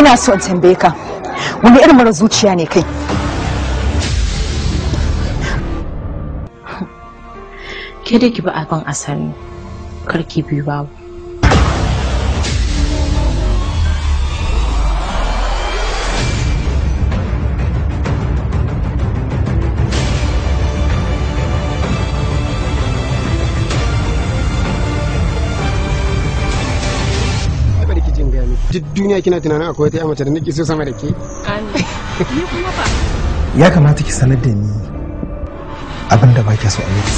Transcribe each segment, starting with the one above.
ina so in tambaye ka wani irin mara zuciya ne kai ke da ki ba abin asali karki biyu babu duniya kina tunanin akwai wata mace da nake so sama da ke ya kamata ki sanar da ni abin da ba ki so a yi ki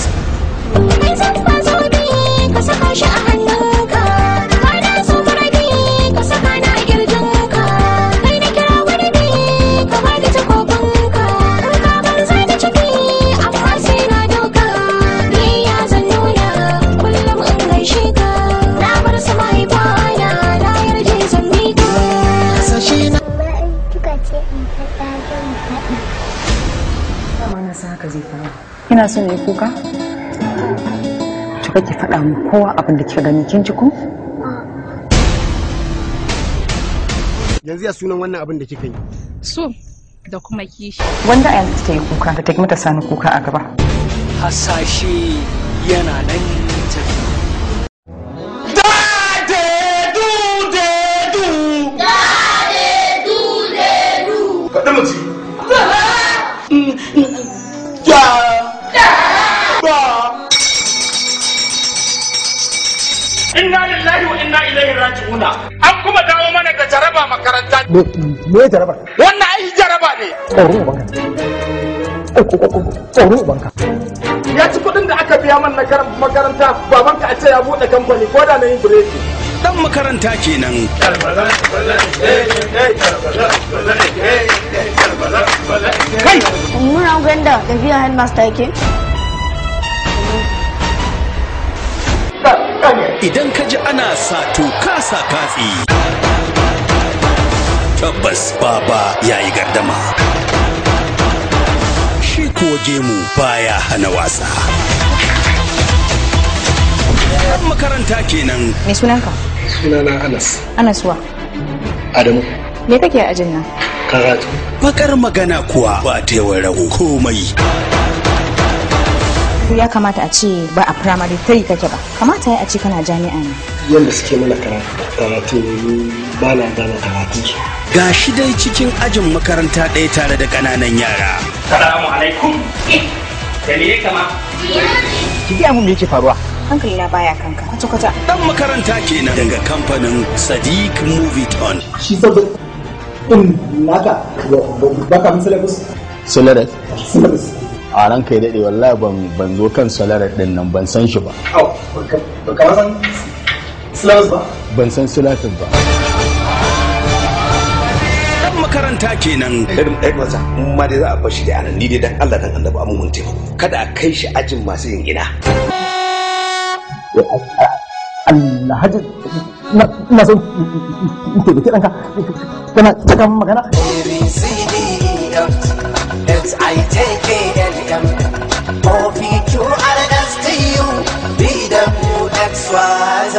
sanar kina son yi kuka Kika ki faɗa mu kowa abin da kika gani kin ji ko yanzu ya sunan wannan abin da kika yi so da kuma kishi wanda a yanzu ta yi kuka da ta mata sani kuka a gaba hasashe yana nan tafi Kadamaci gwamna an kuma dawo mana da jaraba makaranta me jaraba wannan ai jaraba ne tsoro ubanka tsoro ubanka ya ci kuɗin da aka biya man na makaranta babanka a ce ya buɗe kamfani ko da na yin bireti. dan makaranta kenan kai muna gwanda da biyan headmaster yake Idan ka ji ana sato kasa katsi. Tabbas baba ya yi gardama. Shi kuwa gemu baya hana wasa. Yan makaranta kenan. Me sunanka? Sunana Anas. Anas wa? Adamu. Me kake a ajin nan? Karatu. Bakar magana kuwa ba ta yawan rago komai. karatu ya kamata a ce ba a primary three kake ba kamata ya a ce kana jami'a ne yadda suke mana karatu ba na gane karatu ga shi dai cikin ajin makaranta ɗaya tare da ƙananan yara salamu alaikum da me ya kama ki ga mun da yake faruwa hankali na baya kanka kwata kwata dan makaranta kenan daga kamfanin Sadiq Movie On shi sabbin din naka ba ka mun syllabus syllabus a ran kai daɗe wallahi ban ban zo kan salarar ɗin nan ban san shi ba. san ba? Ban san silatin ba. Dan makaranta kenan. Irin ɗan ɗan in ma dai za a fashi da anan ni dai dan Allah dan annabi amma mun taimako. Kada a kai shi ajin masu yin gina. Allah hajji na son taimaki ɗanka kana ta magana. i It's IJKLM, OPQRSTU, BWXYZ,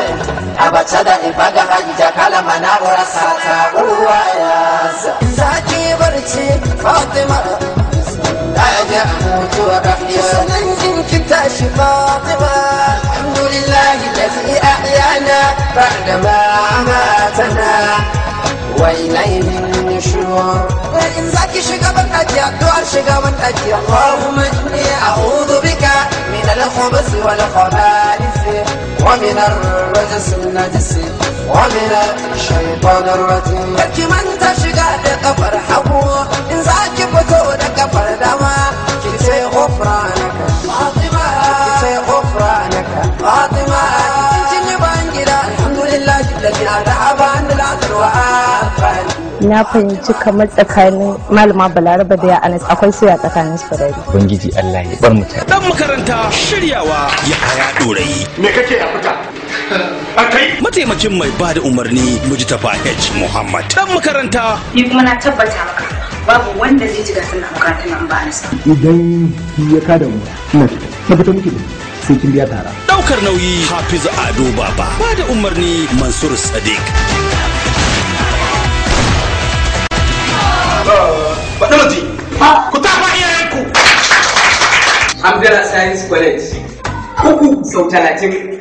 Abachada Ibaga Hajja Kalama Nagora Sata Uwayaz. Zaki barci Fatima, Raja Mutuwa Rafiya. Sanan jinki tashi Fatima, Alhamdulillahi lazi a'yana ba'da ma amatana. وإليه مشروع وإن زكي شقبن أجي الدول شقبن أجي اللهم إني أعوذ بك من الخبز والخبائث ومن الرجس النجس ومن الشيطان الرجيم أجي من تشقى لقبر حبو إن زكي فتو لقبر دما كتي غفرانك فاطمة كتي غفرانك فاطمة الحمد لله الذي أتعب عند العذر وآل na fahimci kamar tsakanin malama balaraba da ya anas akwai soya tsakanin su da ubangiji allah ya bar mutane dan makaranta shiryawa ya haya dorayi me kake a fita akai mataimakin mai bada umarni mujtaba h muhammad dan makaranta ni kuma na tabbata maka babu wanda zai ji gasar na makarantar nan ba anas idan ya kada mu ina fita na fita sai kin biya tara daukar nauyi hafiz ado baba bada umarni mansur sadiq faɗi mutu ku tafa iyayenku Abdullah Science College uku sau talatin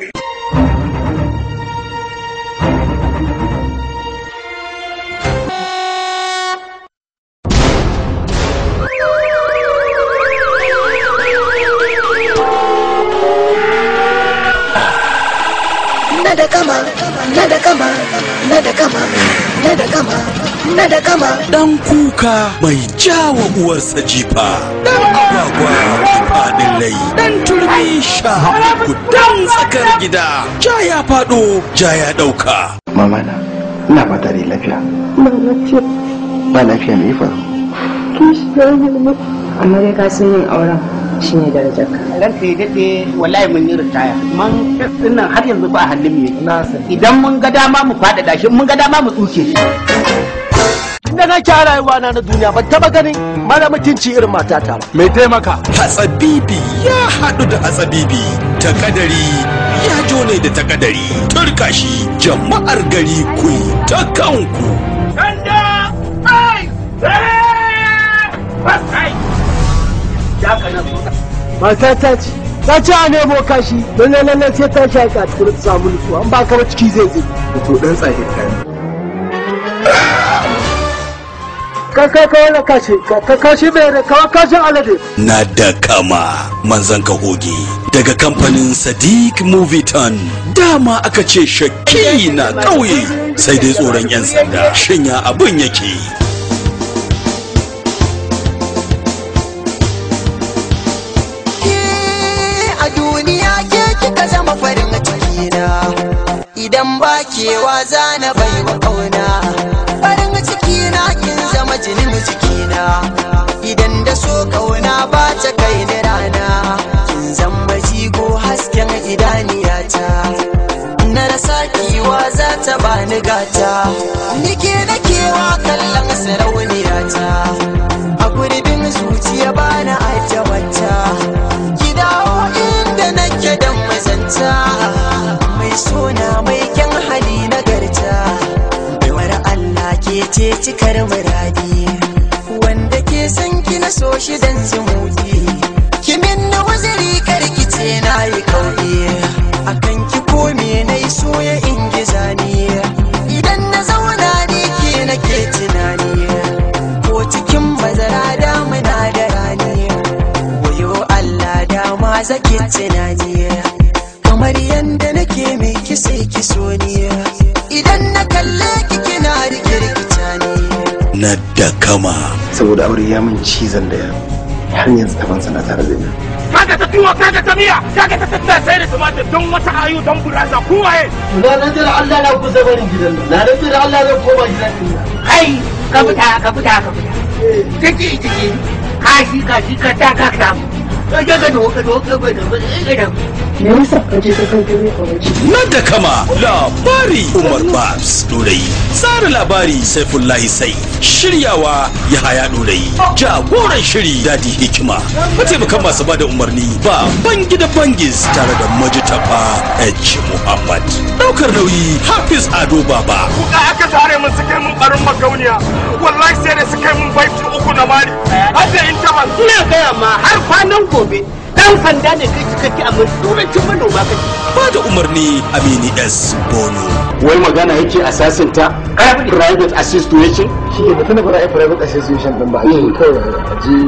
Nada kama, nada kama, nada kama. na da kama na da kama dan kuka mai jawa uwarsa jifa dan agwagwa fadin lai dan turmi sha ku dan tsakar gida ja ya fado ja ya dauka mama na ina fata da lafiya ba lafiya ba lafiya me ya faru kin shi da amma dai ka san yin auren shi ne darajar ka ka yi daɗe wallahi mun yi ritaya man dinnan har yanzu ba a halin me idan mun ga dama mu faɗaɗa shi mun ga dama mu tsuke shi da na kya rayuwa na na duniya ban taɓa ganin mara mutunci irin matata ba mai taimaka hatsabibi ya haɗu da hatsabibi ta kadari ya jone da ta kadari turkashi jama'ar gari ku ta kanku Sanda! Ai! Ai! Ai! mata ta ce ta ce a nemo kashi don lalle sai ta shaƙi a cikin samu nutsuwa an ba ba ciki zai zai to dan tsahin kayan mai kashin alade. Na da kama manzan ka hoge daga kamfanin Sadiq Moviton dama aka ce shakki na ƙauye sai dai tsoron 'yan sanda Shin ya abin yake. idan ba kewa zana bai wa ƙauna farin ciki na kin zama jinin jikina idan da so ƙauna ba ta kai ni rana kin zamba jigo hasken idaniyata na rasa kiwa za ta bani gata nike na kewa kallon ta. a gurbin zuciya bana wata ki dawo inda nake dan mazanta suna mai kyan hali na garta Baiwar Allah ke ce cikar muradi Wanda ke san ki na so shi dan zumuɗi Kimin na ki ce na yi kauɗe Akan ki kome na yi soya in giza ni Idan na zauna ne ke na ke tunani Ko cikin mazara muna da rani Wayo Allah ma zake tunani Kamar yanda soniya idan na kalle ki kina rike rikita ne na da kama saboda aure ya min cizon da ya har yanzu taban sana tare da ni kaga ta tuwa kaga ta miya kaga ta tatta sai da tumatir don wata ayu don buraza kowaye na rantsi da Allah na zama barin gidan na rantsi da Allah zan koma gidan kai ka fita ka fita ka fita take take kashi kashi ka ta ka samu Na da kama labari Umar Babs Dorayi. tsara labari saifullahi sai shiryawa ya haya ja jagoran shiri dadi hikima mataimakan masu bada umarni ba bangi da bangis tare da ba h muhammad ɗaukar nauyi hafiz ado baba kuka aka tare mun suke mun barin magauniya wallahi sai da suke mun baiti uku na mari har da in ina gaya ma har kwanan gobe dan sanda ne kai cikakke a mun turancin manoma kake ba da umarni amini s bono wai magana yake a ta private association shi ne tana fara private association din ba a ji hmm. kawai a ji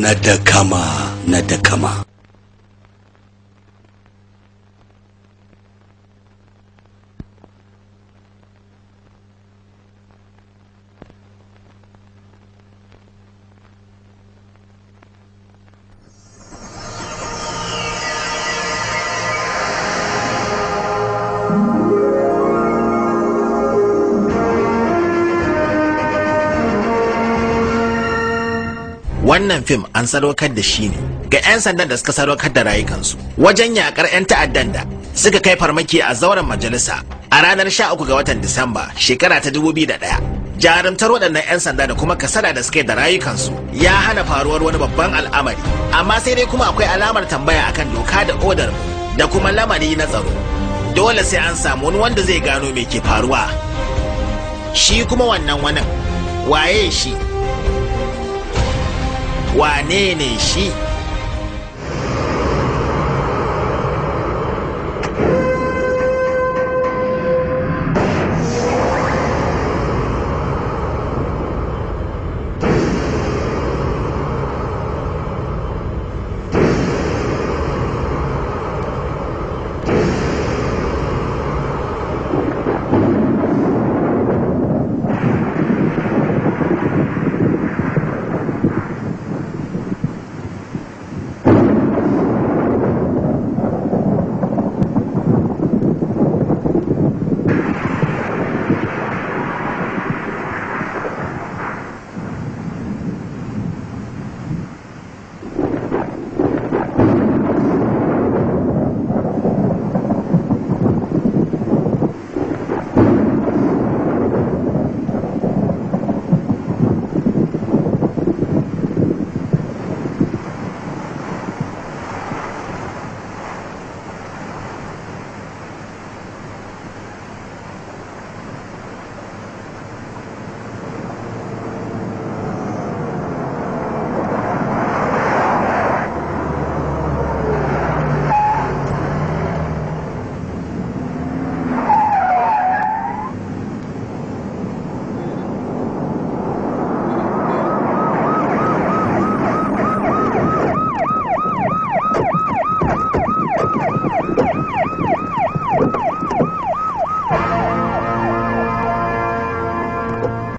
na da kama na da kama fim an sadaukar da shi ne ga 'yan sandan da suka sadaukar da rayukansu wajen yakar 'yan ta'addan da suka kai farmaki a zauren majalisa a ranar 13 ga watan Disamba shekara ta 2001. jarumtar waɗannan 'yan sanda da kuma kasada da suke da rayukansu ya hana faruwar wani babban al'amari amma sai dai kuma akwai alamar tambaya akan doka da odar da kuma lamari na tsaro dole sai an samu wani wanda zai gano me ke faruwa shi kuma wannan wani waye shi wane ne shi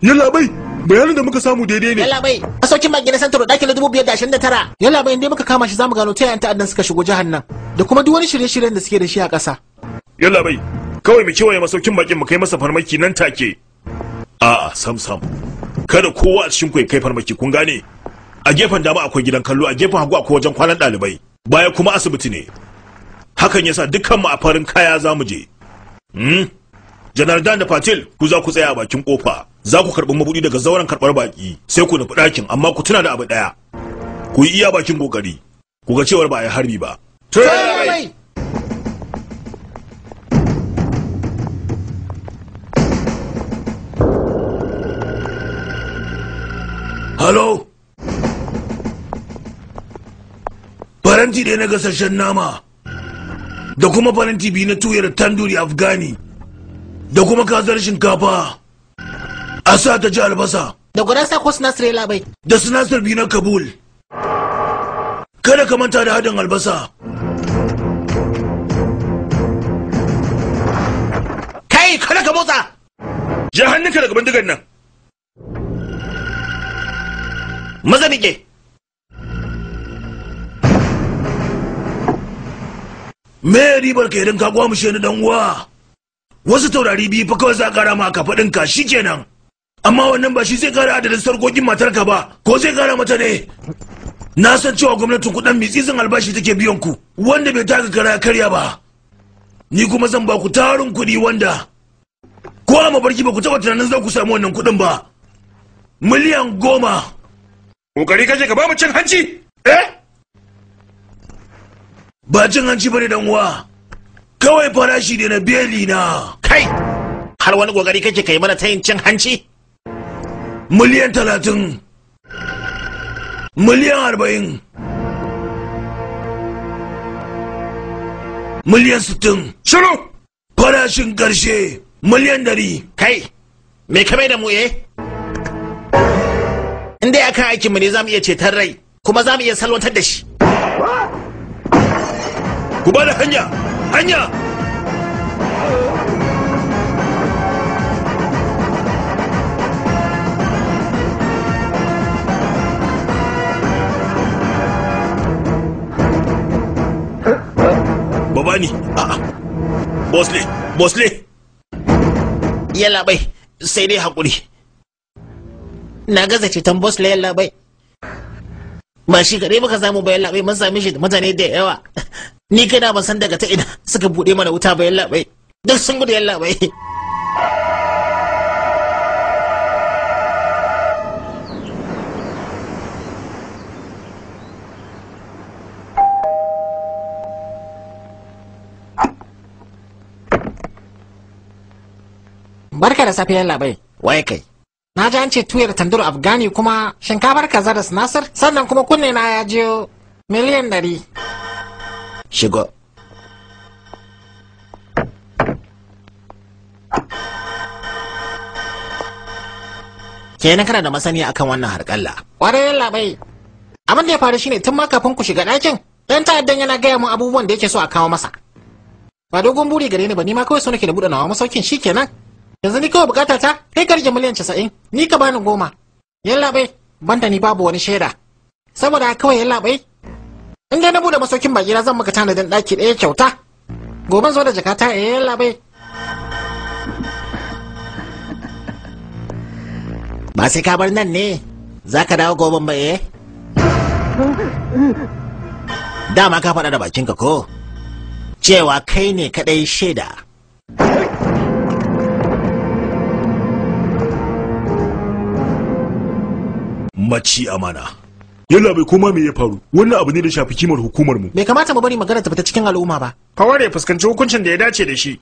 yalla bai bayanin da muka samu daidai ne yalla bai masaukin baki na santoro ashirin da tara yalla bai inda muka kama shi zamu gano ta yanta ta'addan suka shigo jihar nan da kuma duk wani shirye-shiryen da suke da shi a ƙasa yalla bai kawai mu kewaye masaukin bakin mu kai masa farmaki nan take a'a sam sam kada kowa a cikin ku kai farmaki kun gane a gefen dama akwai gidan kallo a gefen hagu akwai wajen kwanan ɗalibai baya kuma asibiti ne hakan yasa dukkan mu a farin kaya za mu je hmm? janar dan da fatil ku za ku tsaya a bakin kofa za ku karɓi mabuɗi daga zauren karɓar baƙi sai ku nufi ɗakin amma ku tuna da abu ɗaya ku yi iya bakin ƙoƙari ku ga cewar ba a yi harbi ba. Halo? Faranti ɗaya na gasasshen nama da kuma faranti biyu na tuyar tanduri Afghani da kuma kazar shinkafa a sa ta ji albasa da sa ko sinasir labai da sinasir biyu na kabul kada ka manta da hadin albasa kai kada ka motsa ja hannunka daga bindigar nan maza nike me ribar ka idan ka gwamushe ni dan uwa wasu taurari biyu fa kawai za a kara ma shi kenan amma wannan ba shi zai kara adadin sarkokin matar ka ba ko zai kara mata ne na san cewa gwamnatin kuɗin mitsitsin albashi take biyan ku wanda bai taka kara karya ba ni kuma zan ba ku tarin kuɗi wanda ko a barki ba ku taɓa tunanin za ku samu wannan kuɗin ba miliyan goma kokari kaje ka ba mu cin hanci eh ba cin hanci bane dan uwa kawai farashi ne na beli na kai har wani kokari kake kai mana tayin cin hanci miliyan talatin miliyan arba'in miliyan sittin shiru farashin ƙarshe miliyan dari kai me kame da mu eh in dai akan aikinmu ne za mu iya ceton rai kuma za mu iya salwantar da shi ku ba da hanya hanya Babani, Bosley, Bosley! Yalla bai, sai dai haƙuri. Na gaza ceton Bosley yalla bai. Ba shi kaɗai muka samu ba yalla bai mun same shi da mutane da yawa. ni kai na ban san daga ta ina suka buɗe mana wuta ba yalla bai duk sun gudu yalla bai Barka da yalla bai Wai kai. Na ji an ce tuyar tandur Afgani, kuma shinkafar kaza da sannan kuma kunne na ya jiyo miliyan ɗari. shiga kenan kana da masaniya akan wannan harƙalla ƙwararren labai abin da ya faru shine tun ma kafin ku shiga ɗakin ɗan ta'addan yana gaya mun abubuwan da yake so a kawo masa ba dogon buri gare ni ba ni ma kawai so nake da buɗe nawa masaukin shi kenan yanzu ni kawai bukata ta kai karje miliyan casa'in ni ka bani goma yallaɓai banda ni babu wani shaida saboda kawai yallaɓai in dai na bude masaukin baki na zan maka tanadin ɗaki ɗaya kyauta gobe zo da jakata eh labai ba sai ka bar nan ne za ka dawo goben ba eh dama ka faɗa da ka ko cewa kai ne kaɗai shaida maci amana yalla bai koma me ya faru wannan abu ne da shafi kimar hukumar mu bai kamata mu bari magana ta fita cikin al'umma ba kawar ya fuskanci hukuncin da ya dace da shi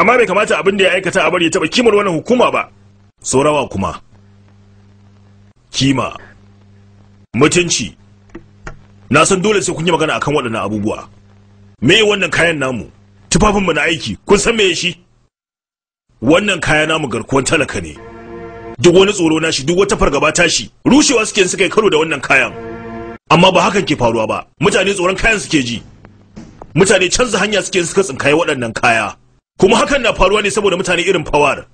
amma bai kamata abin da ya aikata a bari ya taba kimar wannan hukuma ba saurawa kuma kima mutunci na san dole sai kun yi magana akan waɗannan abubuwa me wannan kayan namu tufafin mu na aiki kun san me shi wannan kaya namu garkuwan talaka ne duk wani tsoro na shi duk wata fargaba ta shi rushewa suke suka yi karo da wannan kayan amma ba hakan ke faruwa ba mutane tsoron kayan suke ji mutane canza hanya suke suka tsinkaye waɗannan kaya kuma hakan na faruwa ne saboda mutane irin fawar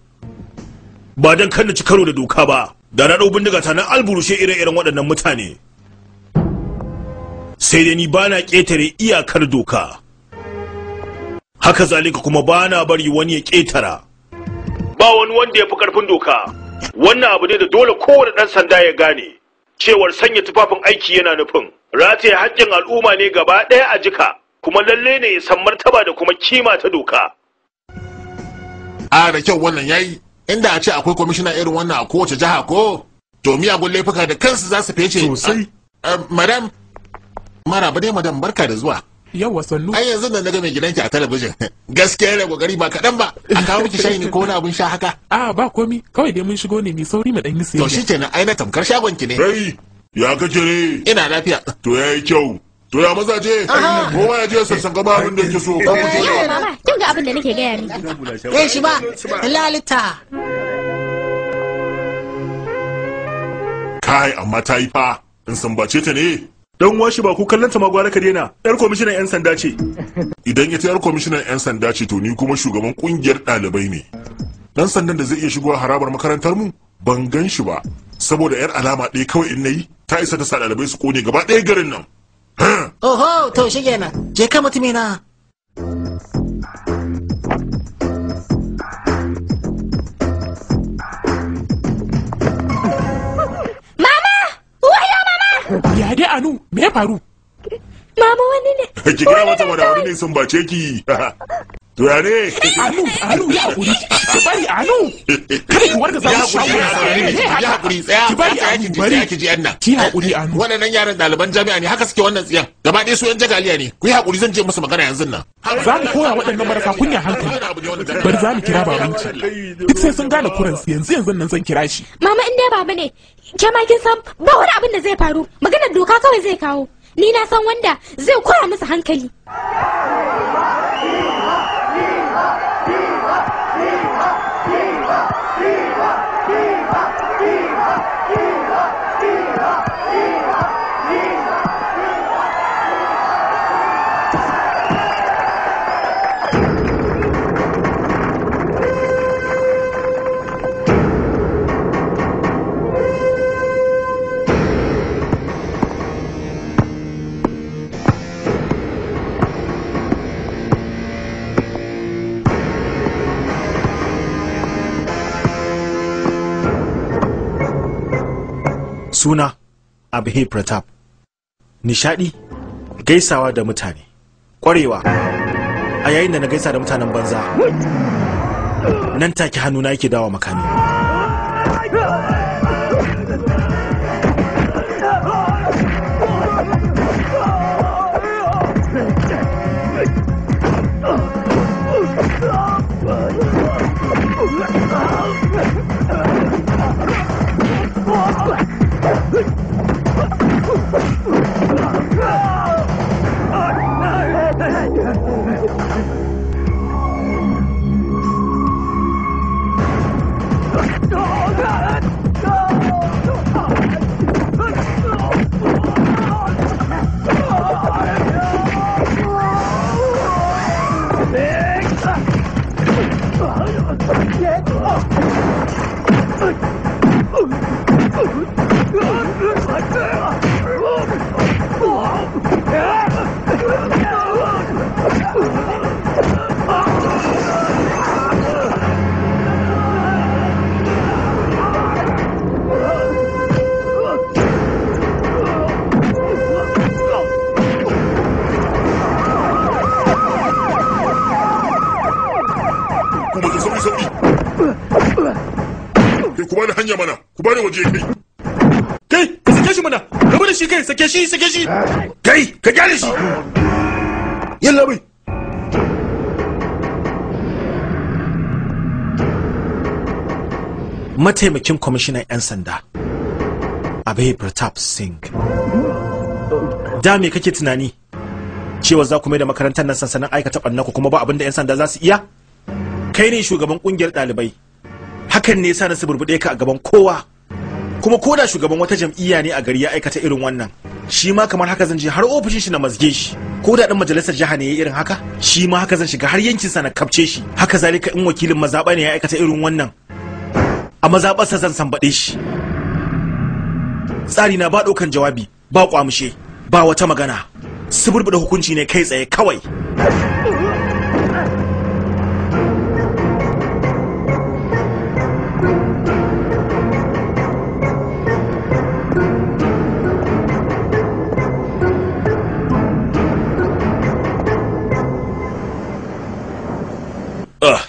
ba don kan ci karo da doka ba da na ɗau bindiga ta nan alburushe ire-iren waɗannan mutane sai dai ni bana ƙetare iyakar doka haka zalika kuma bana bari wani ya ƙetara ba wani wanda ya fi ƙarfin doka wannan abu ne da dole kowane ɗan sanda ya gane cewar sanya tufafin aiki yana nufin rataye haƙƙin al'umma ne gaba ɗaya a jika kuma lalle ne ya san martaba da kuma kima ta doka a da kyau wannan yayi inda a ce akwai kwamishina irin wannan a kowace jiha ko to miyagun laifuka da kansu za su fece sosai madam maraba dai madam barka da zuwa yawa sannu ai yanzu da naga mai gidanki a talabijin gaskiya yana kokari ba kaɗan ba a kawo miki shayi ne ko wani abun sha haka a ah, ba komi kawai dai mun shigo ne mai sauri mu dan yi siyayya to kenan ai na tamkar shagon ki ne rai ya kake ne ina lafiya to yayi kyau to ya maza je kowa ya je sassan gaba abin da yake so kan ku je kin ga abin da nake gaya miki eh shi ba lalita kai amma ta yi fa in sambace ta ne dan washi ba ku kallon ma gwara kare daina yar kwamishinan yan sanda ce idan ita yar kwamishinan yan sanda ce to ni kuma shugaban kungiyar ɗalibai ne dan sandan da zai iya shigowa harabar makarantar mu ban gan shi ba saboda yar alama ɗaya kawai in nayi ta isa ta sa ɗalibai su kone gaba ɗaya garin nan oho to shi kenan je ka mutumina ya dai anu me ya faru mama wani ne ki gaya mata wani ne sun bace ki turare anu anu ya hakuri ki bari anu kada ki warga samu shawara ya hakuri tsaya ki bari anu bari ki ji anna ki hakuri anu wannan yaran daliban jami'a ne haka suke wannan tsiyan gaba ɗaya su yan jagaliya ne ku yi hakuri zan je musu magana yanzu nan za mu koya waɗannan marasa kunya hankali bari za mu kira babanci duk sai sun gane kuran yanzu yanzu nan zan kira shi mama in dai baba ne ke ma kin san ba wani abin da zai faru maganar doka kawai zai kawo ni na san wanda zai koya musu hankali suna abhe pratap nishadi gaisawa da mutane kwarewa a yayin da na gaisa da mutanen banza nan take na yake dawa makami hanya mana ku bari waje kai kai ka sake shi mana gaba da shi kai sake shi sake shi kai ka gyara shi yalla bai mataimakin kwamishinan 'yan sanda abai pratap singh da me kake tunani cewa za ku mai da makarantar nan sansanin aikata ɓanna ku kuma ba abin da 'yan sanda za su iya kai ne shugaban kungiyar ɗalibai hakan ne yasa na burbuɗe ka a gaban kowa kuma ko da shugaban wata jam'iyya ne a gari ya aikata irin wannan shi ma kamar haka zan je har ofishin shi na mazge shi ko da dan majalisar jiha ne ya irin haka shi ma haka zan shiga har yankin sa na kapce shi haka zalika in wakilin mazaɓa ne ya aikata irin wannan a sa zan sambaɗe shi tsari na ba ɗaukan jawabi ba ƙwamshe ba wata magana burbuɗe hukunci ne kai tsaye kawai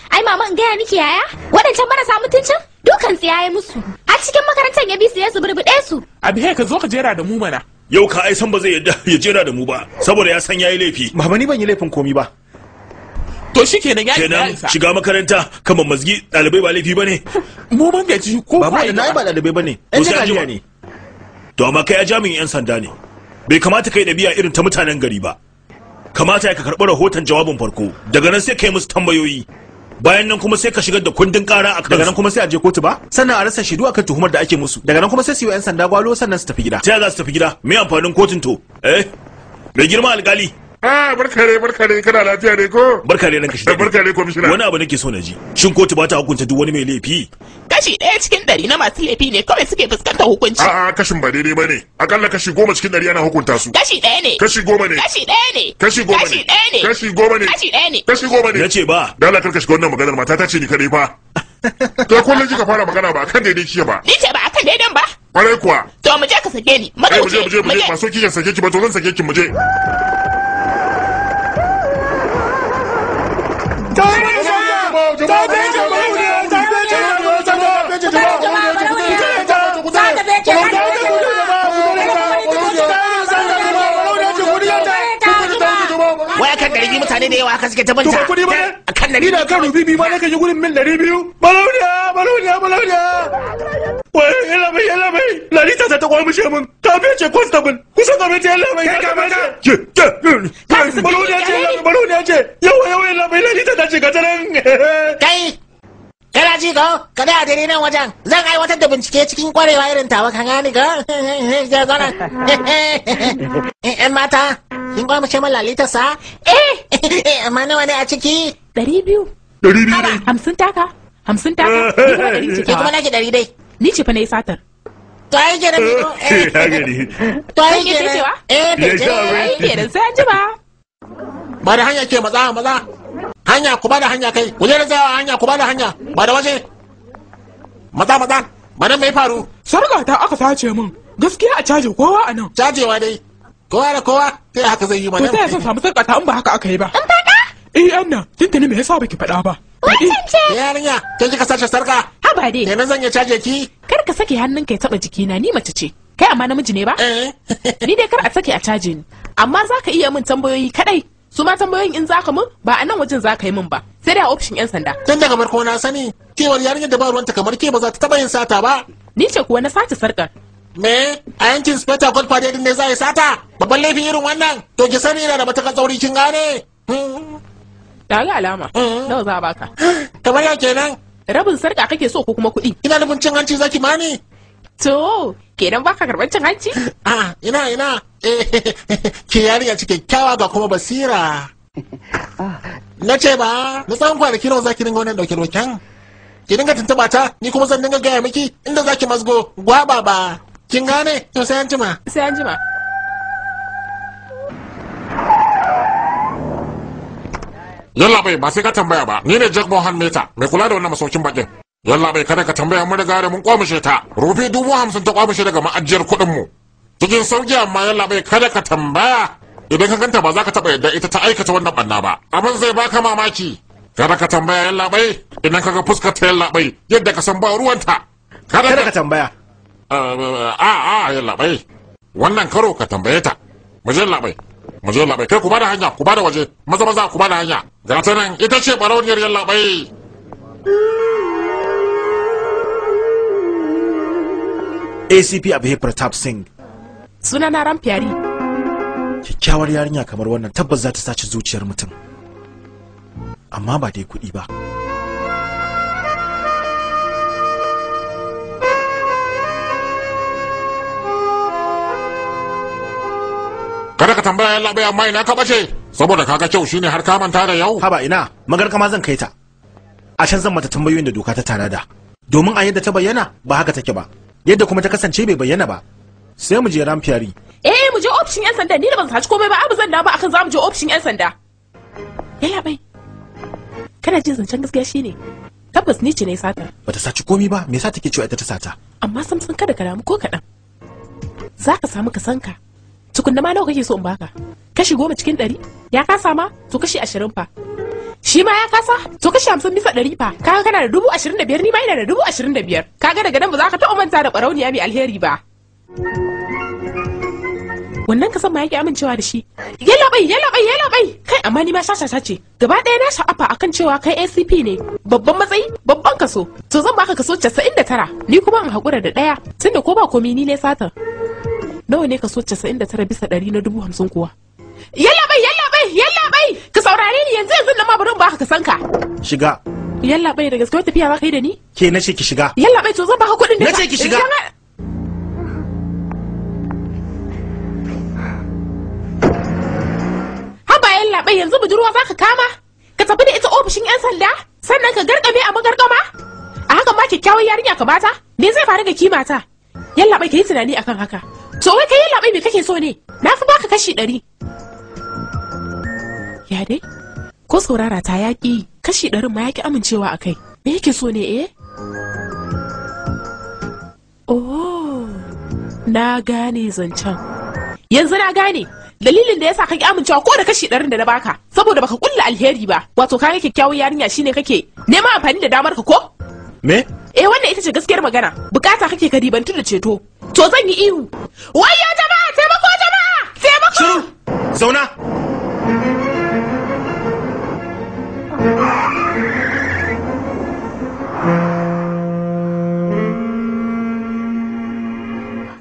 Ai mama in gaya miki yaya? Waɗancan marasa mutuncin dukan tsiyaye musu. A cikin makarantar ya bi su ya zuburbuɗe su. Abi ka zo ka jera da mu mana. Yau ka ai san ba zai yadda ya jera da mu ba saboda ya san yayi laifi. Mama ni ban yi laifin komi ba. To shi kenan ya kenan shiga makaranta kamar mazgi ɗalibai ba laifi bane. Mu ban gaji ko ba. Ba na ba ɗalibai bane. Ɗan jagaliya ne. To amma kai ya jami'in 'yan sanda ne. Bai kamata kai ɗabi'a irin ta mutanen gari ba. kamata ya ka karɓi rahoton jawabin farko daga nan sai ka musu tambayoyi bayan nan kuma sai ka shigar da kundin kara a daga nan kuma sai a je kotu ba sannan a rasa shaidu akan tuhumar da ake musu daga nan kuma sai su yi yan sanda gwalo sannan su tafi gida ta za su tafi gida me amfanin kotun to eh mai girma alkali Ah, barkare barkare kana lafiya ne ko? nan ranka shi. Barkare komishina. Wani abu nake so na ji. Shin kotu ba ta hukunta duk wani mai laifi kashi ɗaya cikin ɗari na masu laifi ne kawai suke fuskantar hukunci. A'a kashin ba daidai ba ne. Akalla kashi goma cikin ɗari ana hukunta su. Kashi ɗaya ne. Kashi goma ne. Kashi ɗaya ne. Kashi goma ne. Kashi ɗaya ne. Kashi goma ne. Kashi ɗaya ne. Kashi goma ne. Yace ba. Dala kar kashi wannan maganar mata ta ce ni kaɗai fa. To kullum kika fara magana ba akan daidai kike ba. Ni ce ba akan daidan ba. Kwarai kuwa. To mu je ka sake ni. Mu je mu je mu je ba so kike sake ki ba to zan sake ki mu je. Tabi jama'a. Tabi jama'a. mutane da yawa aka suke ta banta to kuɗi ba ne kan dari kan rubi biyu ma nake yi gudun mil ɗari biyu balauniya balauniya balauniya wai yalla bai yalla bai lalita ta ta kwamishe mun. ta fiye ce constable kusa ga mai ta yalla bai ka ya ke ke balauniya ce balauniya ce yawa yawa yalla bai lalita ta ce ga ta nan kai kana ji ko ka da dare nan wajen zan aiwatar da bincike cikin kwarewa irin tawa ka gani ga zana yan mata in ce mala lita sa? Eh! Amma nawa ne a ciki? Ɗari biyu. Dari biyu ne? Hamsin taka. Hamsin taka. Eh, ni kuma ɗari eh, ciki. Ke kuma ɗari dai. Ni ce fa na yi satar. To ai kenan biyu. Eh, ya gani. To ai kenan. Eh, da ce. Ai kenan sai an ji ba. Ba da hanya ke maza maza. Hanya ku ba da hanya kai. Ku je da zawa hanya ku ba da hanya. Ba da waje. Maza maza. nan mai faru. Sarga ta aka sace min. Gaskiya a caje kowa a nan. Cajewa dai. kowa da kowa ta yi haka zai yi mana. Ko sai samu sarƙata in ba haka aka yi ba. In faɗa? Eh Anna, tuntuni me yasa baki faɗa ba? Wancan eh, ce. Yarinya, kin kika sace sarƙa? Haba dai. Kenan zan iya caje ki? Kar ka sake hannunka ya taɓa jikina ni mace ce. Kai amma namiji ne ba? Eh. Ni dai kar a sake a caje ni. Amma za ka iya min tambayoyi kaɗai. Su ma tambayoyin in za ka mun ba a nan wajen za ka yi min ba. Sai dai a ofishin 'yan sanda. Tun daga farko na sani cewar yarinya da ba ruwanta kamar ke ba za ta taɓa yin sata ba. Ni ce kuwa na sace sarƙar. me a yankin speta god fadadin ne za a yi sata babban laifin irin wannan to ki sani yana da matakan tsauri kin gane hmm. da ga alama hmm. nawa za a baka kamar ya kenan rabin sarka kake so ko kuma kuɗi ina nufin cin hanci zaki mani to kenan baka karɓar cin hanci a ina ina ke a cikin kyawa ga kuma basira na ce ba na tsawon kwanaki nawa zaki dinga wannan dauke-dauken ki dinga tuntuɓa ta ni kuma zan dinga gaya miki inda zaki masgo gwaba ba kin gane to sai an jima sai an jima yalla bai ba sai ka tambaya ba ni ne jack mohan meta mai kula da wannan masaukin bakin yalla bai kada ka tambaya mun riga da mun kwamishe ta rufe dubu hamsin ta kwamishe daga ma'ajiyar kuɗin mu cikin sauki amma yalla bai kada ka tambaya idan ka ganta ba za ka taɓa yadda ita ta aikata wannan ɓanna ba abin zai baka mamaki kada ka tambaya yalla bai idan ka ga fuskar ta yalla bai yadda ka san ba ruwanta kada ka tambaya a ah, a ah, ya labai wannan karo ka tambaye ta mu je labai mu je labai kai ku bada hanya ku bada waje maza maza ku bada hanya ga ta nan ita ce barauniyar yan labai ACP Abhay Pratap Singh Suna sunana Ramfiyari kyakkyawar yarinya kamar wannan tabbas za ta sace zuciyar mutum amma ba dai kuɗi ba ka tambaya yalla bai amma ina ka bace saboda kaga kyau shine har ka manta da yau haba ina magar ma zan kai ta a can zan mata tambayoyin da doka ta da domin a yadda ta bayyana ba haka take ba yadda kuma ta kasance bai bayyana ba sai mu je fiyari. eh mu je ofishin yan sanda ni da ban saci komai ba abu zan da ba akan za mu je ofishin yan sanda yalla bai kana jin zancen gaskiya shine tabbas ni ce ne sata bata saci komi ba me yasa take cewa ita ta sata amma sam san kada ka damu ko kaɗan za ka samu ka sanka tukunna ma nawa kake so in baka kashi goma cikin ɗari ya kasa ma to kashi ashirin fa shi ma ya kasa to kashi hamsin bisa ɗari fa kaga kana da dubu ashirin da biyar ni ma ina da dubu ashirin da biyar kaga daga nan ba za ka taɓa manta da ɓarauniya mai alheri ba wannan kasan ma yake amincewa da shi yalabai yalabai yalabai kai amma ni ma shashasha ce gaba ɗaya na sha'afa akan cewa kai acp ne babban matsayi babban kaso to zan baka kaso casa'in da tara ni kuma in haƙura da ɗaya tunda ko ba komi ni ne satan nawa ne kaso 99 bisa 100 na dubu hamsin kuwa yalla bai yalla bai yalla bai ka saurare ni yanzu yanzu na ma bari ba ka san ka shiga yalla bai da gaske wata tafiya ba kai da ni ke ce ki shiga yalla bai to zan ba ka kuɗin da ce ki shiga haba yalla bai yanzu budurwa za ka kama ka tafi da ita ofishin yan sanda sannan ka garkame a magargama. a hakan ma kyakkyawar yarinya ka bata me zai faru ga kimata yalla bai ka yi tunani akan haka To wai ka yi labai me kake so ne? Na fi baka kashi ɗari. Ya dai? Ko saurara ta yaƙi kashi ɗarin ma yaƙi amincewa a Me yake so ne eh? Oh, na gane zancen. Yanzu na gane. dalilin da yasa ka ki amincewa ko da kashi ɗarin da na baka saboda baka kulla alheri ba wato kayan kyakkyawan yarinya shine kake nema amfani da damar ka ko me eh wannan ita ce gaskiyar magana bukata kake ka ribantu da ceto to zan yi ihu wayyo jama'a taimako jama'a taimako shiru zauna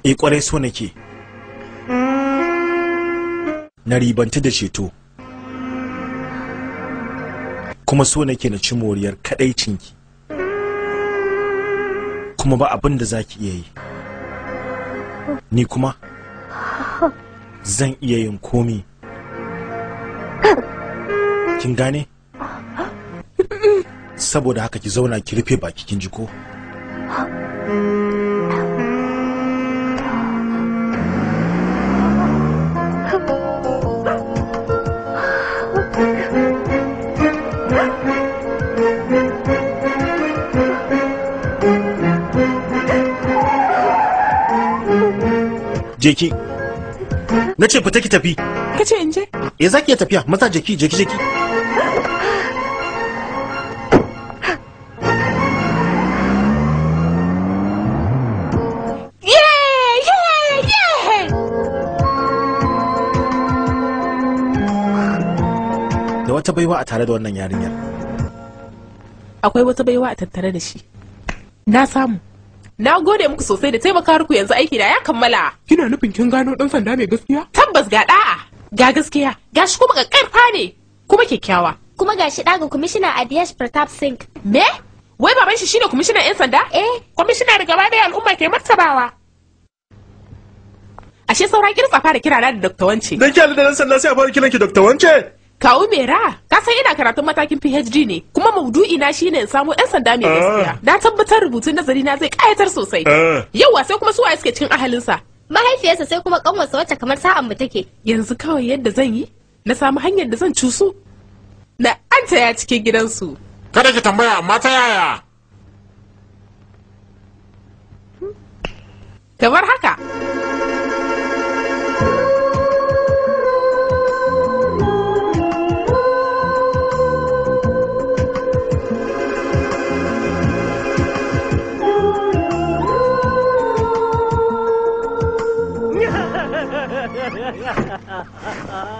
e kwarai so nake na ribantu da ceto kuma so nake na ci moriyar kadaicinki kuma ba abin da za ki iya yi ni kuma zan iya yin komi kin gane saboda haka ki zauna ki rufe baki kin ji ko jeki na ce fita ki tafi ka ce in je eh za ki iya tafiya maza jeki jeki jeki. da wata baiwa a tare da wannan yarinyar akwai wata baiwa a tattare da shi na samu Na gode muku sosai da taimaka muku yanzu aiki da ya kammala. Kina nufin kin gano dan sanda mai gaskiya? Tabbas ga da'a, ga gaskiya, gashi kuma kakkarfa ne, kuma kyakkyawa. Kuma gashi ɗaga kwamishina Adiyash Pratap Singh. Me? Wai baban shi shine kwamishina 'yan sanda? Eh, kwamishina da gaba da al'umma ke martabawa. Ashe saura kirsa fara kira da Dr. Wance. Dan kyalin da dan sanda sai a fara kiran ki Dr. Wance? Kawu Mera, ka san ina karatun matakin PhD ne, kuma maudu'i na shine in samu 'yan sanda mai ah. gaskiya. Na tabbatar rubutun nazari na zai ƙayatar sosai. Ah. Yauwa sai kuma suwaye suke cikin ahalinsa. Mahaifiyarsa sai kuma ƙanwarsa wacce kamar sa'an mu take. Yanzu kawai yadda zan yi, na samu hanyar da zan cusu. Na an ya cikin gidansu. Kada ki tambaya amma ta yaya? Kamar haka.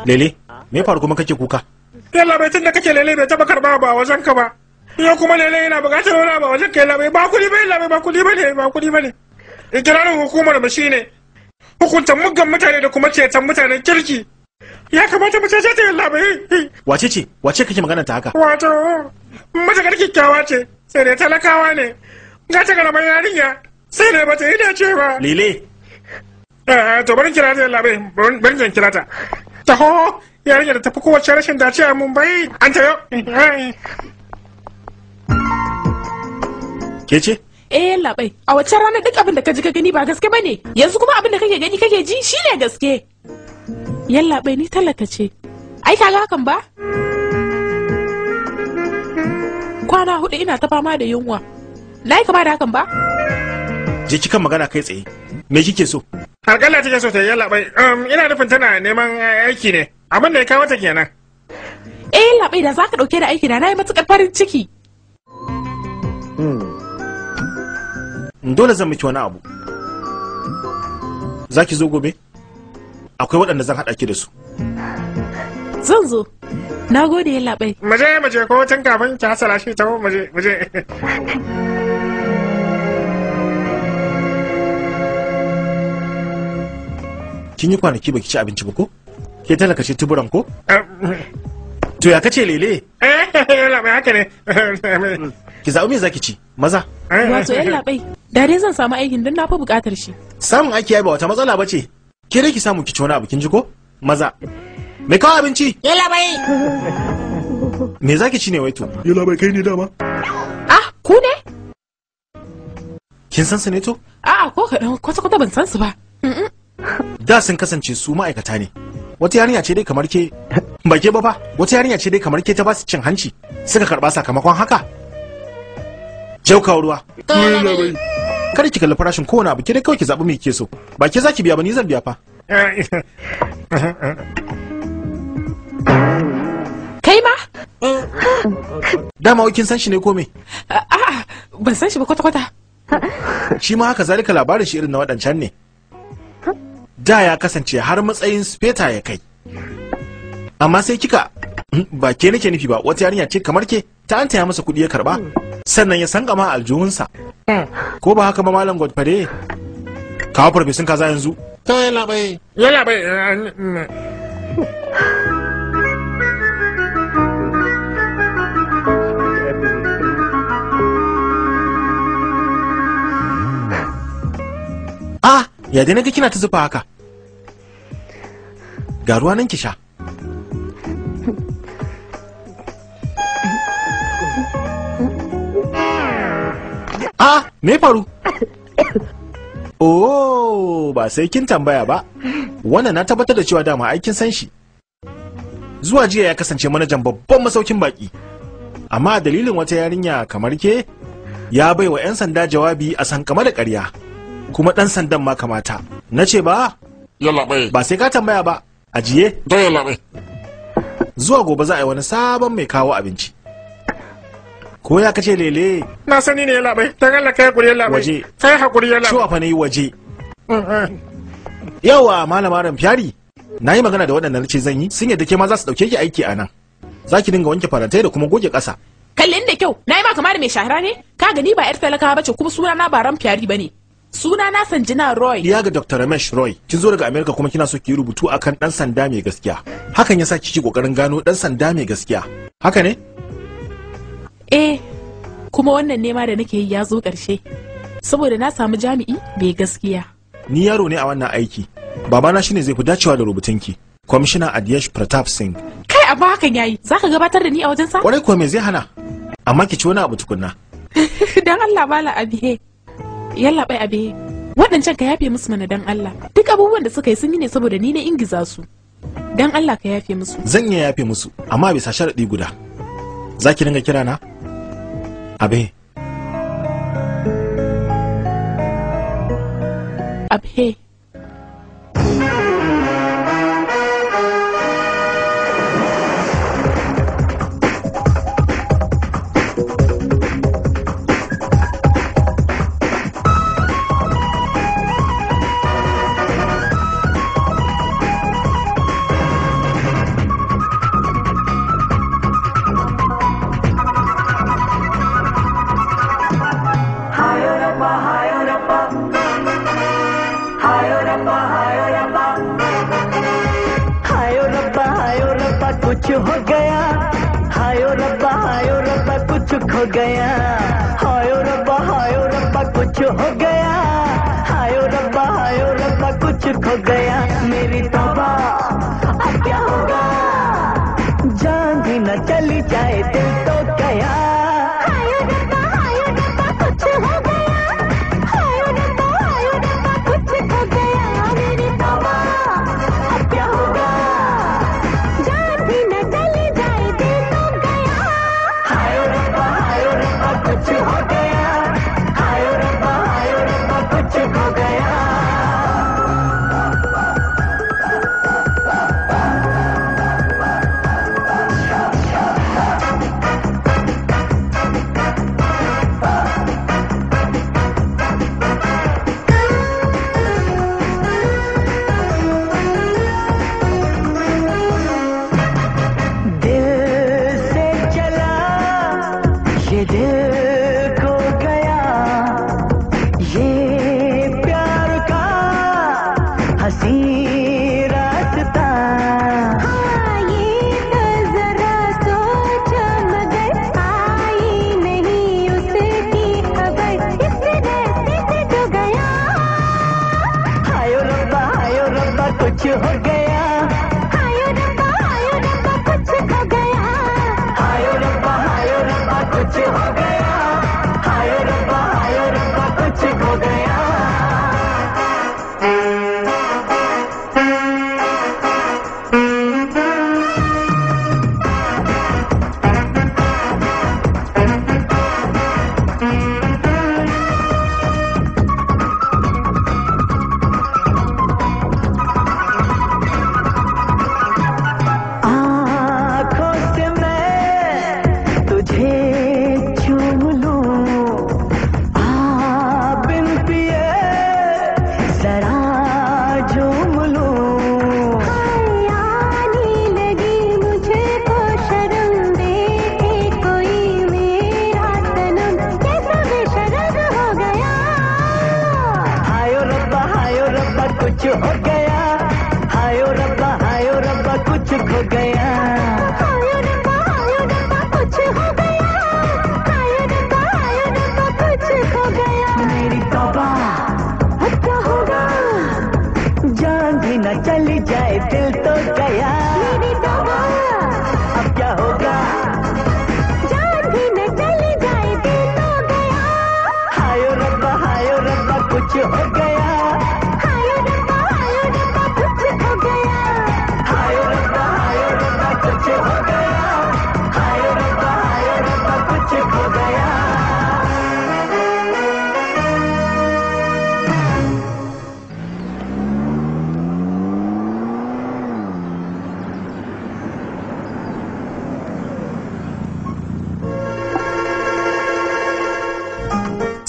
Lele, me faru kuma kake kuka? Yalla bai tunda kake lele bai taba karba ba wajen ka ba. Yo kuma lele yana bukatar wani ba wajen kai labai ba kudi bai labai ba kudi bane ba in bane. Ikirarin hukumar mu shine hukunta muggan mutane da kuma ceton mutanen kirki. Ya kamata mu cece ta yalla bai. Wace ce? Wace kake magana ta haka? Wato mace kyakkyawa ce sai dai talakawa ne. Ga ta karamar yarinya sai dai bata yi dace ba. Lele. Eh to barin kira ta yalla bai barin kira ta. taho yarinya da tafi kowace rashin dace a mumbai an tayo ke ce eh labai a wacce rana duk abin da ka ji ka gani ba gaske bane yanzu kuma abin da kake gani kake ji shine gaske yan labai ni talaka ce ai kaga hakan ba kwana hudu ina ta fama da yunwa na yi kama da hakan ba je kika magana kai tsaye me kike so alƙalla take so ta yi labai um, ina nufin tana neman eh, aiki ne abin da ya kawo ta kenan eh labai da zaka dauke da aiki na nayi matukar farin ciki hmm. dole zan miki wani abu zaki zo gobe akwai waɗanda zan haɗa ki da su zan zo na gode labai maje maje ko tun kafin ki hasala shi ta maje maje kin yi kwanaki baki ci abinci ba ko ke talaka ce tuburan ko eh. to ya kace lele eh, labai haka ne ki zaɓi me zaki ci maza eh. wato yan labai da zan samu aikin don na fi buƙatar shi samun aiki ya ba wata matsala ba ce ke dai ki samu ki ci wani abu kin ji ko maza me kawo abinci yan labai me zaki ci ne to? yan labai kai ne dama ah ku ne kin san su ne to a'a ah, ko kaɗan kwata-kwata ban san su ba da sun kasance su ma'aikata ne wata yarinya ce dai kamar ke ba ke ba fa wata yarinya ce dai kamar ke ta ba su cin hanci suka karba sakamakon haka jauka ruwa kada ki kalli farashin kowane abu ke dai kawai ki zaɓi mai ke so ba ke za ki biya ba ni zan biya fa kai ma dama wakin san shi ne kome a'a ban san shi ba kwata-kwata shi ma haka zalika labarin shi irin na waɗancan ne da ya kasance har matsayin speta ya kai amma sai kika hmm, ba ke nake nufi ba wata yarinya ce kamar ke ta an taya masa kuɗi ya karba sannan ya sanga ma aljuhunsa hmm. ko ba haka ba malam godfare kawo farfesun kaza yanzu ta yi bai ya bai ah ya dai naga kina ta zufa haka ga ruwa nan ki sha a ah, me faru oh ba sai kin tambaya ba wannan na tabbatar da cewa dama aikin san shi zuwa jiya ya kasance manajan babban masaukin baki amma dalilin wata yarinya kamar ke ya bai wa 'yan sanda jawabi a san kama da ƙarya kuma ɗan sandan ma kamata na ce ba ba sai ka tambaya ba ajiye zuwa gobe za a yi wani sabon mai kawo abinci ko ya kace lele na sani ne labai don Allah kai hakuri labai waje kai hakuri labai ciwa fa yi waje mhm. yawa malama ran fiyari na yi magana da waɗanda nace zan yi sun yadda ke ma za su dauke ki aiki a nan za ki dinga wanke farantai da kuma goge ƙasa kallin da kyau na yi ma kama mai shahara ne ka gani ba yar talakawa ce kuma suna na ba ran fiyari bane suna na sanjina roy ya ga dr ramesh roy kin zo daga america kuma kina so ki rubutu akan dan sanda mai gaskiya hakan yasa kike kokarin gano dan sanda mai gaskiya haka ne eh kuma wannan nema da nake yi ya zo karshe saboda na samu jami'i mai gaskiya ni yaro ne a wannan aiki babana shine zai fi dacewa da rubutunki kwamishina adyesh pratap singh kai amma hakan yayi ka gabatar da ni a wajensa kwarai kuwa me zai hana amma ki ci wani abu tukunna dan allah mala abiye yallaɓai abe waɗancan ka yafe musu mana dan Allah duk abubuwan da suka yi sun yi ne saboda ni na ingiza su dan Allah ka yafe musu zan iya yafe musu amma bisa sharaɗi guda za ki dinga kira na abe abe कुछ हो गया हायो रब्बा हायो रब्बा कुछ खो गया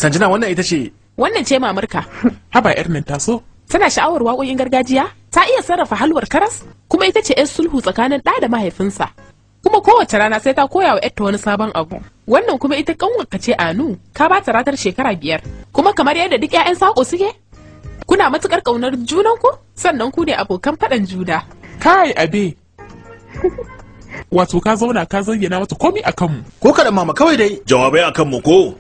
sanjina wannan ita ce wannan ce mamarka haba yar nan taso tana sha'awar waƙoƙin gargajiya ta iya sarrafa halwar karas kuma ita ce yar sulhu tsakanin ɗa da mahaifinsa kuma kowace rana sai ta koya wa yarta wani sabon abu wannan kuma ita ƙanwarka ce anu ka ba ta ratar shekara biyar kuma kamar yadda duk 'ya'yan sako suke kuna matuƙar ƙaunar junanku sannan ku ne abokan faɗan juna kai abe wato ka zauna ka zayyana mata komi a kanmu ko kaɗan mama kawai dai jawabai a kanmu ko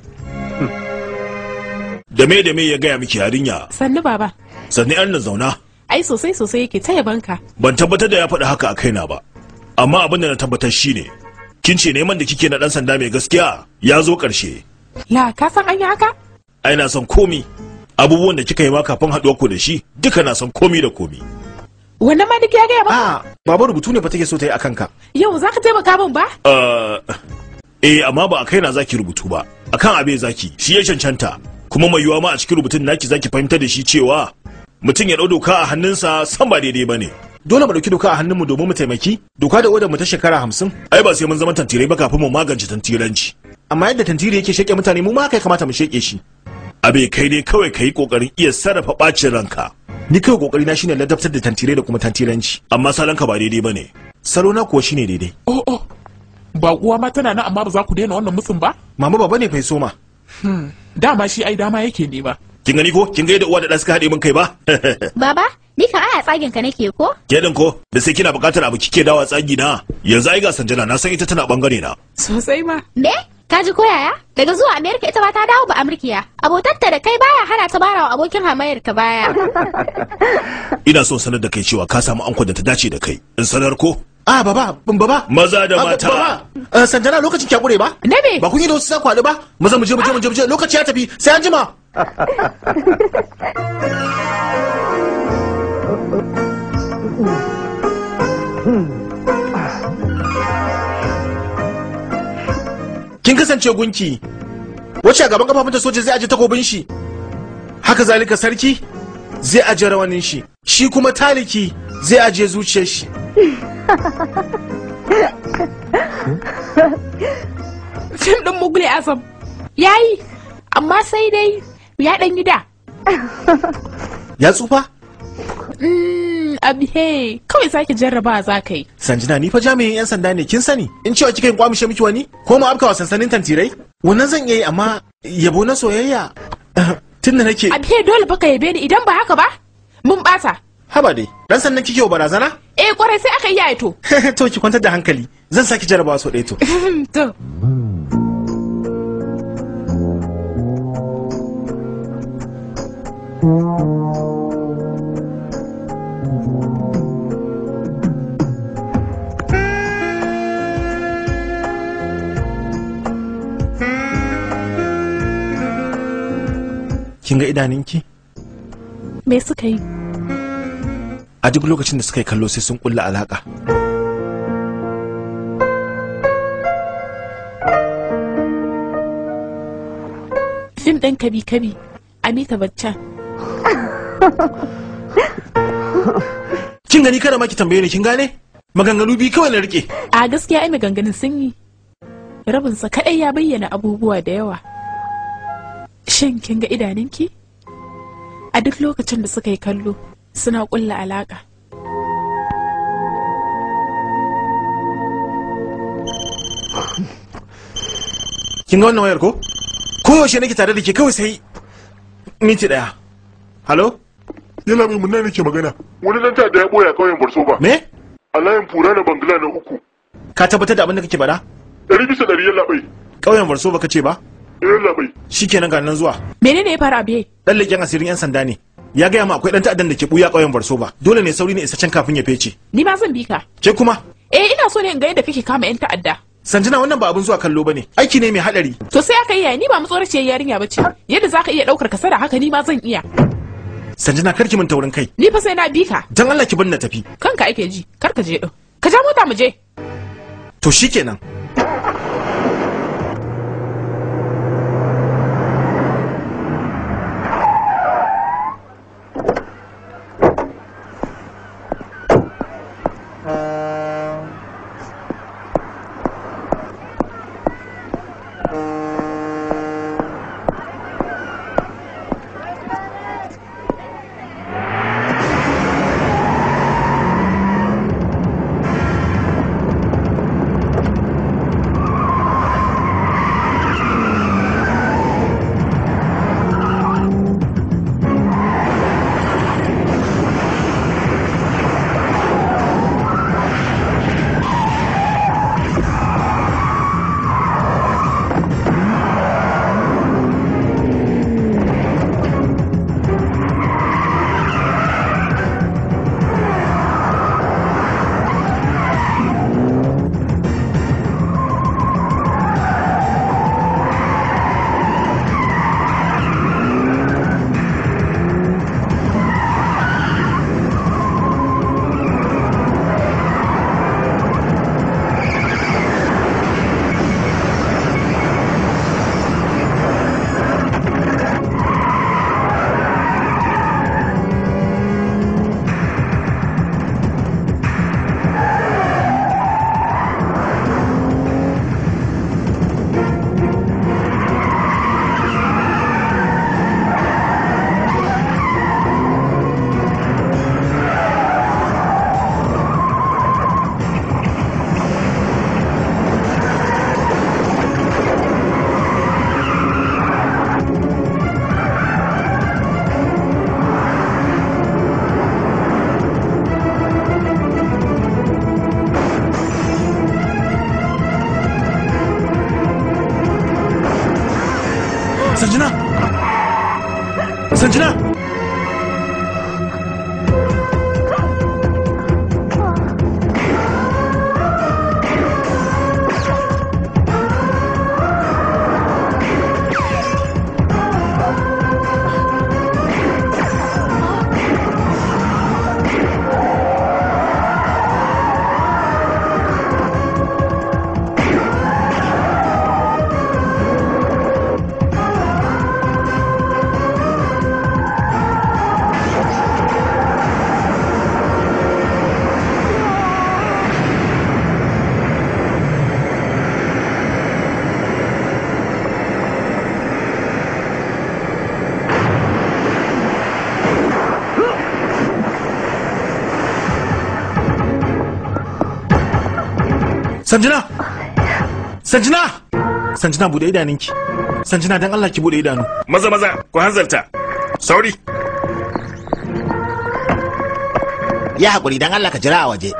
da me da me ya gaya miki yarinya sannu baba sannu yar nan zauna ai sosai sosai yake ta banka. ban tabbatar da ya faɗi haka a kaina ba amma abin da na tabbatar shine kin ce neman da kike na dan sanda mai gaskiya ya zo ƙarshe la ka san an yi haka ai na san komi abubuwan da kika yi ma kafin haɗuwar ku da shi duka na san komi da komi wannan ma duka ya gaya ba ah, baba rubutu ne ba take so ta yi akan ka yau za ka taimaka min ba eh, eh amma ba a kaina zaki rubutu ba akan abe zaki shi ya cancanta kuma mai yiwuwa ma a cikin rubutun naki zaki fahimtar da shi cewa mutum ya ɗau doka a hannunsa san ba daidai ba ne dole mu ɗauki doka a hannunmu domin mu taimaki doka da odar mu ta shekara hamsin ai ba sai mun zama tantirai ba kafin mu magance tantiranci amma yadda tantiri yake sheƙe mutane mu ma kai kamata mu sheƙe shi abe kai ne kawai ka yi kokarin iya sarrafa ɓacin ranka ni kawai kokari shine ladabtar da tantirai da kuma tantiranci amma salon ka ba daidai ba ne. salo na kuwa shine daidai oh oh ba uwa ma tana nan amma ba za ku daina wannan musun ba mama baba ne fa soma hmm. dama shi ai dama yake nema kin gani ko kin ga yadda uwa da ɗan suka haɗe min kai ba baba ni ka aya tsagin ka nake ko ke ko da sai kina buƙatar abu kike dawa tsagi na yanzu ai ga sanjana na san ita tana bangare na sosai ma me ka ji koyaya daga zuwa amerika ita ba ta dawo ba amurkiya abotarta da kai baya hana ta barawa abokin hamayar ka baya ina so sanar da kai cewa ka samu ankon da ta dace da kai in sanar ko Ah baba baba maza da mata eh, sanjana lokacin kya kure ba na me ba kun yi da wasu sakwali ba maza mu je mu je mu je lokaci ya tafi sai an jima kin kasance gunki wacce a gaban kafafunta soja zai aje takobin shi haka zalika sarki zai aje rawanin shi shi kuma taliki zai aje zuciyar shi fim ɗin mugule azam ya yi amma sai dai ya ɗan yi da ya tsufa mm, abhe kawai sake jarraba za ka yi sanjina ni fa jami'in yan sanda ne kin sani in cewa kika yin kwamishe miki wani ko mu afkawa sansanin tantirai wannan zan iya yi amma yabo na soyayya eh, tun da nake abhe dole baka yabe ni idan ba haka ba mun bata haba dai dan sannan kike wa barazana eh kwarai sai aka yi yaya to to ki kwantar da hankali zan saki jarabawa so ɗaya to to Kin ga idaninki? Me suka yi? a duk lokacin da suka yi kallo sai sun kulla alaka fim ɗan kabi-kabi amita baccan kin gani kada ma ki tambaye ni kin gane maganganu biyu kawai na rike a gaskiya ai maganganun sun yi rabinsa kaɗai ya bayyana abubuwa da yawa shin kin ga idanunki a duk lokacin da suka yi kallo suna ƙulla alaƙa kin ga wannan wayar ko koyaushe nake tare da ke kawai sai minti daya halo yana mai munna nake magana wani dan ta da ya boya barso ba. me a layin fura na bangla na uku ka tabbatar da abin da kake bada? Dari bisa dari, yalla bai kauyen ka kace ba eh, yalla bai shikenan ga nan zuwa menene ya fara abiye dan leƙen asirin yan sanda ne ya gaya ma akwai dan ta'addan da ke buya ƙauyen Varsova dole ne sauri ne isa can kafin ya fece ni ma zan bi ka ke kuma eh ina so ne in ga yadda kake kama yan ta'adda sanjina wannan ba abin zuwa kallo bane aiki ne mai hadari to sai aka yi ni ba mu matsoraciyar yarinya bace yadda zaka iya daukar sada haka ni ma zan iya sanjina kar ki min taurin kai ni fa sai na bi ka dan Allah ki bin na tafi kanka ake ji kar ka je din eh. ka ja mota mu je to shikenan sanjina sanjina sanjina bude idanunki sanjina dan allah ki bude idanu maza maza ku hanzarta sauri ya haƙuri dan allah ka jira a waje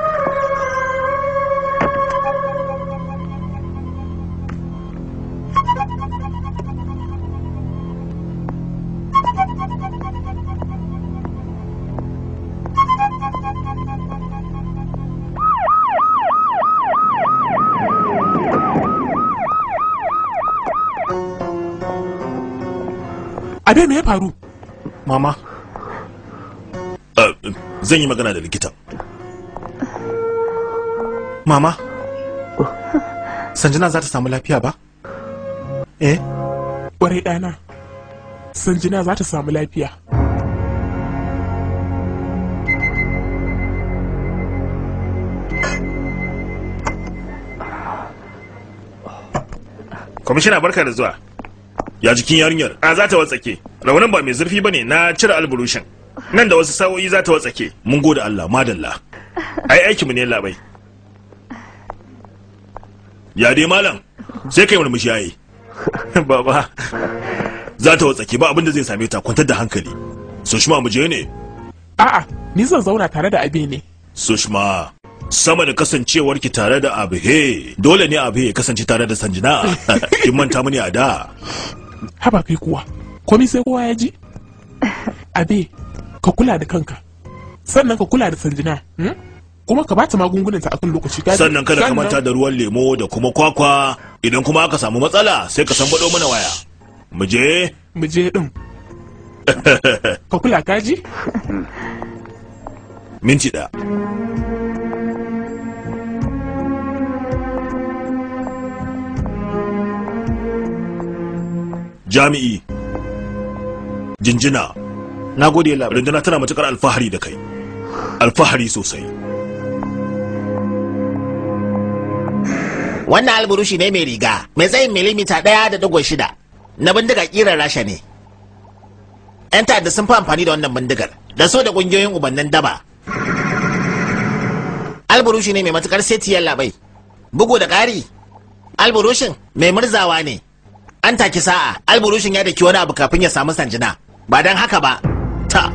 Abe me ya faru? Mama. Uh, zan yi magana da likita. Mama. Sanjina za ta samu lafiya ba? Eh? Ƙwarai ɗana. Sanjina za ta samu lafiya. Kwamishina barka da zuwa. Ya jikin yarinyar. A za ta watsake. raunin ba mai zurfi ba ne na cire alburushin nan da wasu sa'o'i za ta watsake mun gode Allah madalla ai aiki mu ne labai ya dai malam sai kai murmushi yayi baba za ta watsake ba abinda zai same ta kwantar da hankali sushma mu je ne a'a ni zan zauna tare da abi ne sushma sama da kasancewar ki tare da he dole ne abu ya kasance tare da sanjina kin manta muni a da haba kai kuwa komai sai kowa ya ji abe ka kula da kanka sannan ka kula da sanjina hmm? kuma ka bata magungunan ta akan lokaci sannan kada ka manta da ruwan lemo da kuma kwakwa idan kuma aka samu matsala sai ka san bado mana waya mu je mu je din ka kula ka ji. minti da jami'i jinjina na gode ya labai rundunar tana matukar alfahari da kai alfahari sosai wannan alburushi ne mai riga mai tsayin milimita ɗaya da dogon shida na bindiga ƙirar rasha ne yan ta'adda sun fi amfani da wannan bindigar da so da ƙungiyoyin ubannin daba alburushi ne mai matukar setiyar labai bugu da ƙari alburushin mai murzawa ne an taki sa'a alburushin ya daki wani abu kafin ya samu sanjina ba don haka ba ta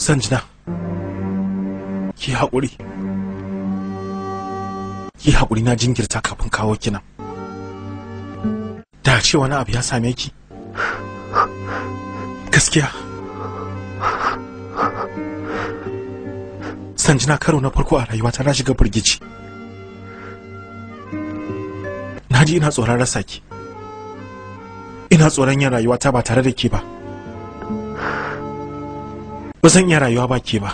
sanjina ki haƙuri ki haƙuri na jingirta kafin kawo kina da ce wani abu ya same ki gaskiya sanjina karo na farko a rayuwata na shiga firgici na ji ina tsoron rasa ki ina tsoron yin rayuwata ba tare da ke ba ba zan iya rayuwa ba ke ba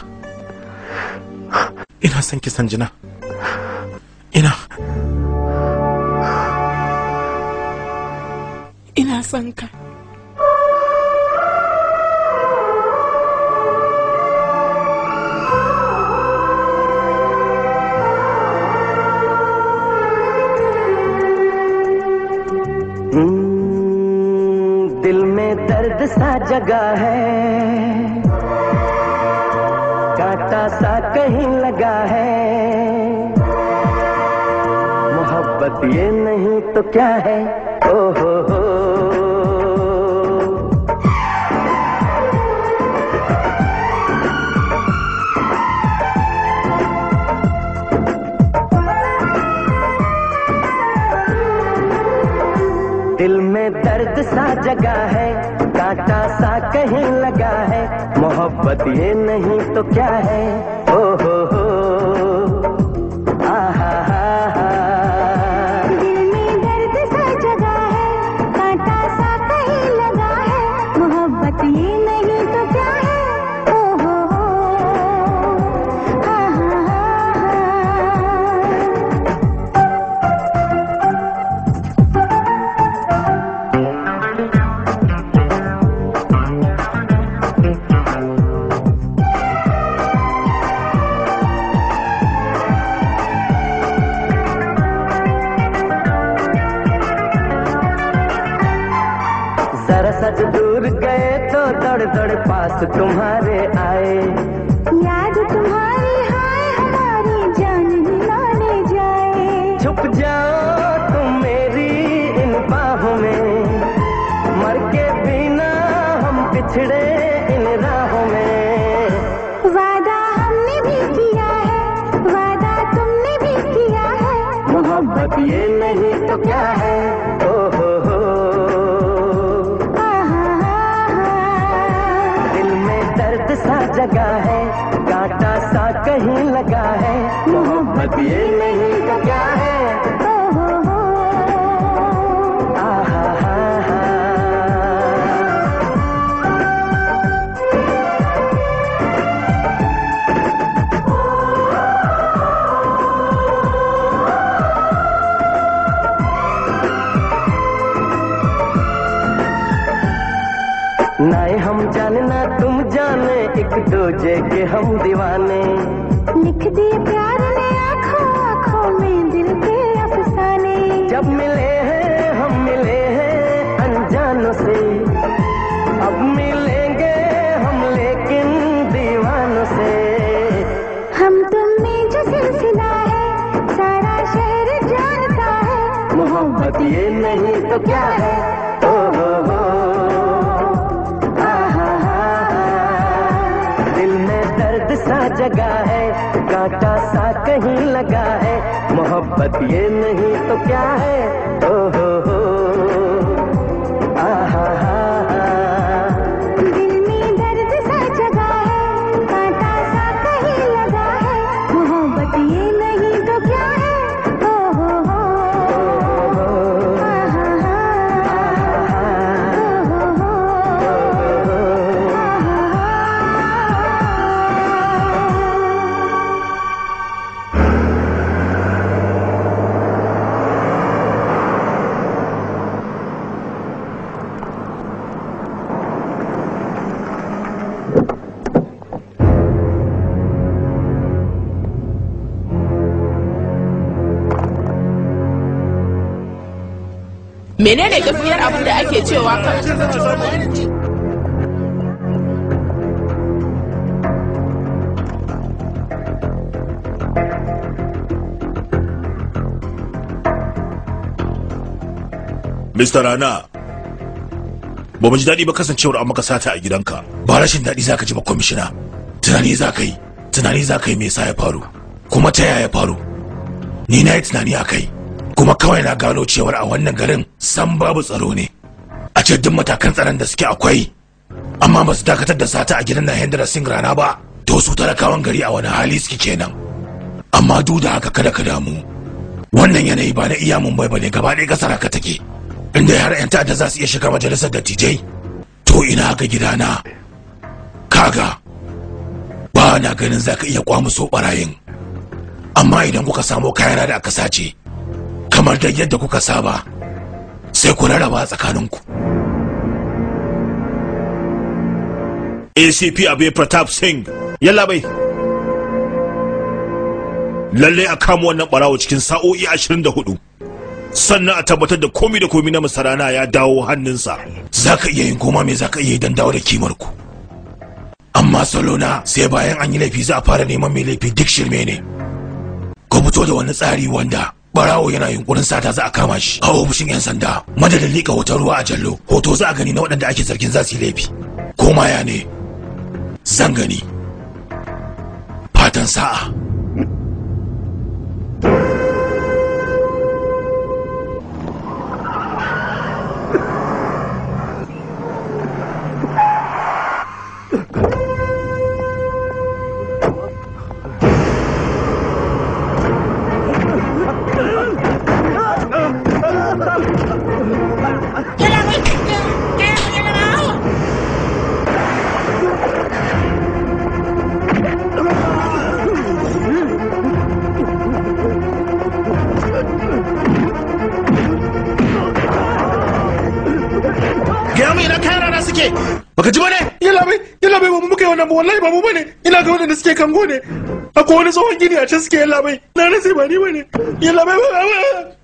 ina son ki sanjina ina ina son ka दर्द सा जगा है कांटा सा कहीं लगा है मोहब्बत ये नहीं तो क्या है ओ हो हो दिल में दर्द सा जगा है कांटा सा कहीं लगा है मोहब्बत ये नहीं तो क्या है ओहो पास तुम्हारे आए पिए नहीं तो क्या है नाए हम जाने ना तुम जाने एक दूजे के हम दीवाने लिख दिए ये नहीं तो क्या है nake cewa Mr. Rana, ba mu ji daɗi ba kasancewar an maka sata a gidanka. Ba rashin daɗi za ka ji ba kwamishina. Tunani za ka yi, tunani za ka yi mai sa ya faru, kuma ta yaya faru. Ni na yi tunani a kai, kuma kawai na gano cewar a wannan garin san babu tsaro ne. ce duk matakan tsaron da suke akwai amma ba su dakatar da sata a gidan hendra Singh rana ba to su talakawan gari a wani hali suke kenan amma duk da haka kada ka damu wannan yanayi ba na iya Mumbai bane gaba ɗaya kasar haka take inda har yan ta'adda za su iya shiga majalisar dattijai to ina haka gidana kaga ba na ganin za ka iya kwamuso barayin amma idan kuka samo kayana da aka sace kamar da yadda kuka saba sai ku rarraba tsakaninku. ku acp abu pratap singh yalla bai lalle a kama wannan barawo cikin sa'o'i 24 sannan a tabbatar da komi da komi na masarana ya dawo hannunsa za ka iya yin koma me za ka iya yi don dawo da kimar ku amma salo na, sai bayan an yi laifi za a fara neman mai laifi duk shirme ne ku fito da wani tsari wanda barawo yana yunkurin sata za a kama shi a ofishin 'yan sanda madadin liƙa hoton ruwa a jallo hoto za a gani na waɗanda ake zargin za su yi laifi koma ya ne zan gani fatan sa'a baka ji ba ne yalla bai yalla ba mu muka yi wannan ba wallahi ba mu bane ina ga wanda suke kango ne akwai wani tsohon gini a can suke ya bai na rasa ba ni bane ya bai ba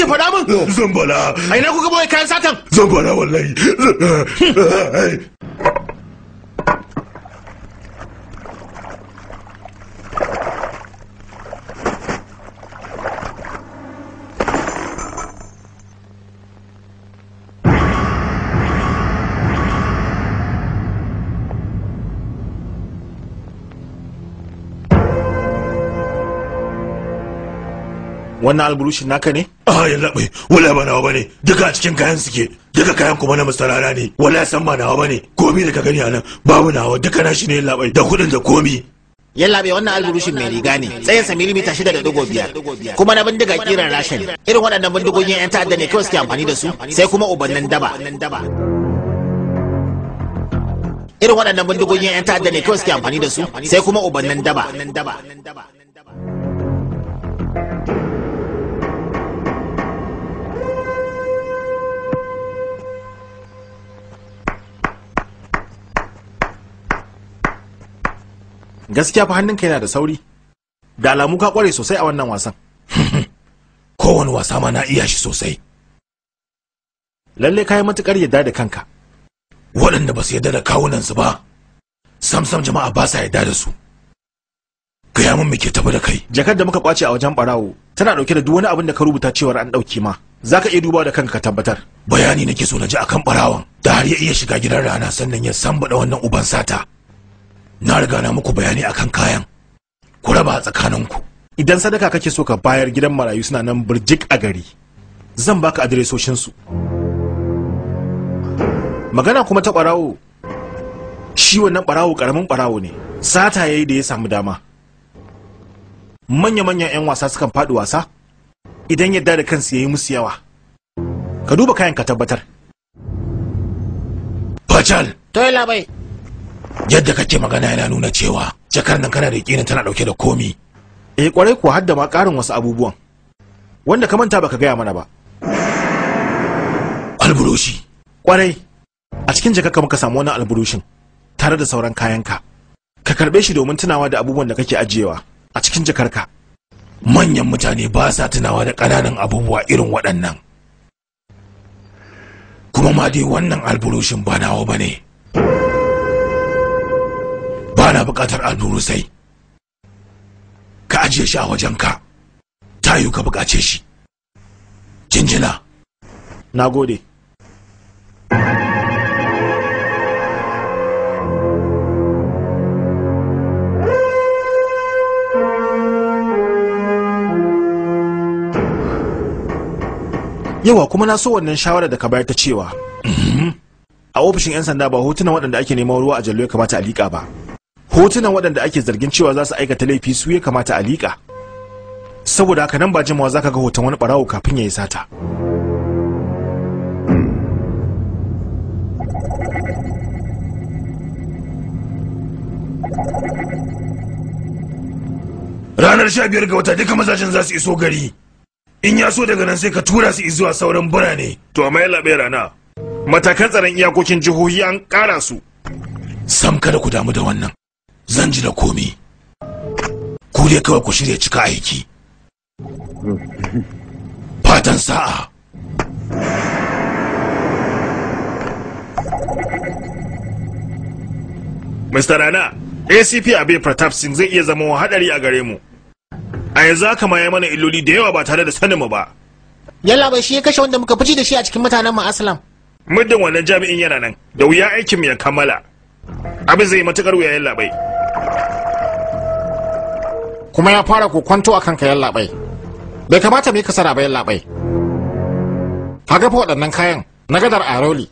shi faɗa min zambala a ina kuka boye kayan satan zambala wallahi wannan alburushin naka ne? laɓe wala ba nawa bane duka a cikin kayan suke duka kayan kuma na masarara ne wala san ba nawa bane komi da ka gani anan babu nawa duka na shi ne laɓe da kuɗin da komi yallaɓe wannan alburushin mai riga ne tsayinsa milimita shida da digo biyar kuma na bindiga kiran rashin irin waɗannan bindigogin 'yan ta'adda ne kawai suke amfani da su sai kuma ubannin daba irin waɗannan bindigogin 'yan ta'adda ne kawai suke amfani da su sai kuma ubannin daba gaskiya fa hannunka yana da sauri da alamu ka kware sosai a wannan wasan kowane wasa ma na iya shi sosai lalle ka yi matukar yadda da kanka waɗanda ba su yadda da kawunansu ba samsam jama'a ba sa yadda da su gaya min muke tafi da kai jakar da muka kwace a wajen barawo tana dauke da duk wani abin da ka rubuta cewar an dauke ma zaka iya dubawa da kanka ka tabbatar bayani nake so na ji akan barawon da har ya iya shiga gidan rana sannan ya sambada wannan uban sata na riga na muku bayani akan kayan ku raba tsakaninku idan sadaka kake so ka bayar gidan marayu suna nan birjik a gari zan baka su. magana kuma ta barawo shi wannan barawo ƙaramin barawo ne sata yayi da ya samu dama manya-manyan 'yan wasa sukan faɗi wasa idan yadda da kansu ya musu yawa ka duba kayan ka tabbatar Pachal! la yadda kake magana yana nuna cewa jakar nan kana da yakinin tana dauke da komi eh kwarai ko da ma karin wasu abubuwan wanda ka manta baka gaya mana ba alburushi kwarai a cikin jakar ka muka samu wannan alburushin tare da sauran kayanka ka karbe shi domin tunawa da abubuwan da kake ajiyewa a cikin jakarka manyan mutane ba sa tunawa da kananan abubuwa irin waɗannan kuma ma dai wannan alburushin ba nawa ba ne ba na buƙatar aluru sai ka ajiye shi a wajen wajenka tayu ka bukace shi jinjina na gode yawa kuma na so wannan shawarar da ka bayar ta cewa mm-hmm. a ofishin 'yan sanda ba hotunan waɗanda ake neman ruwa a jallo ya kamata a liƙa ba hotunan waɗanda ake zargin cewa za su aikata laifi su ya kamata a liƙa saboda haka nan ba jimawa za ka ga hoton wani ɓarawo kafin ya yi sata ranar sha biyar ga wata duka mazajen za su iso gari in ya so daga nan sai ka tura su zuwa sauran birane to amma yalla bai rana matakan tsaron iyakokin jihohi an ƙara su sam kada ku damu da wannan zan ji da komi ku dai kawai ku shirya cika aiki fatan sa'a Mr. Rana, ACP Abe Pratap Singh zai iya zama hadari a gare mu. A yanzu haka ma ya mana illoli da yawa ba tare da sanin mu ba. Yalla bai shi ya kashe wanda muka fici da shi a cikin mutanen mu Aslam. Muddin wannan jami'in yana nan, da wuya aikin mu ya kammala. Abin zai matukar wuya yalla bai. kuma ya fara a kan kayan labai bai kamata mu kasara bayan labai ka ga waɗannan kayan na gadar aroli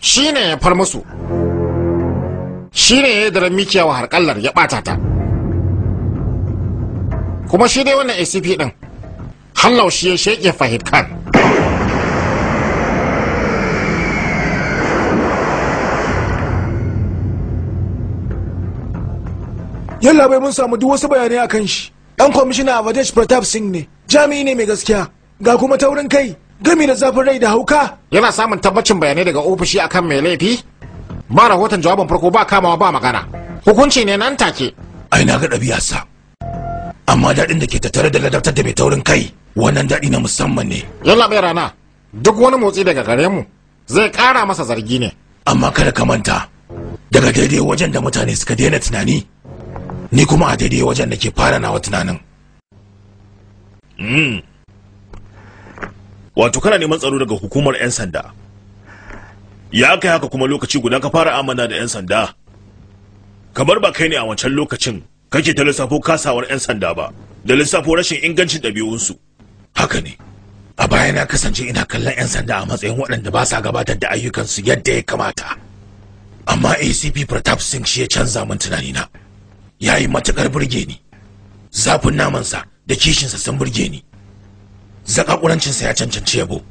shine ya far musu shine ya yi daren mikiya wa harƙallar ya ɓata ta kuma shi dai wannan acp ɗin hallau shi ya sheke fahid yalla bai mun samu duk wasu bayanai akan shi dan kwamishina avadesh pratap singh ne jami'i ne mai gaskiya ga kuma taurin kai gami da zafin rai da hauka yana samun tabbacin bayanai daga ofishi akan mai laifi ba rahoton jawabin farko ba kamawa ba magana hukunci ne nan take ai na ga sa, amma daɗin da ke tattare da ladabtar da mai taurin kai wannan daɗi na musamman ne yalla bai rana duk wani motsi daga gare mu zai kara masa zargi ne amma kada ka manta daga daidai wajen da mutane suka daina tunani ni kuma a daidai wajen da ke fara nawa tunanin hmm. wato kana neman tsaro daga hukumar 'yan sanda ya kai haka kuma lokaci guda ka fara amana da 'yan sanda kamar ba kai ne a wancan lokacin kake ta lissafo kasawar 'yan sanda ba da lissafo rashin ingancin ɗabi'unsu haka ne a baya na kasance ina kallon 'yan sanda a matsayin waɗanda ba sa gabatar da ayyukansu yadda ya kamata amma acp pratap singh shi ya canza min na. ya yi matuƙar burge ni zafin namansa da kishinsa sun burge ni sa ya cancanci yabo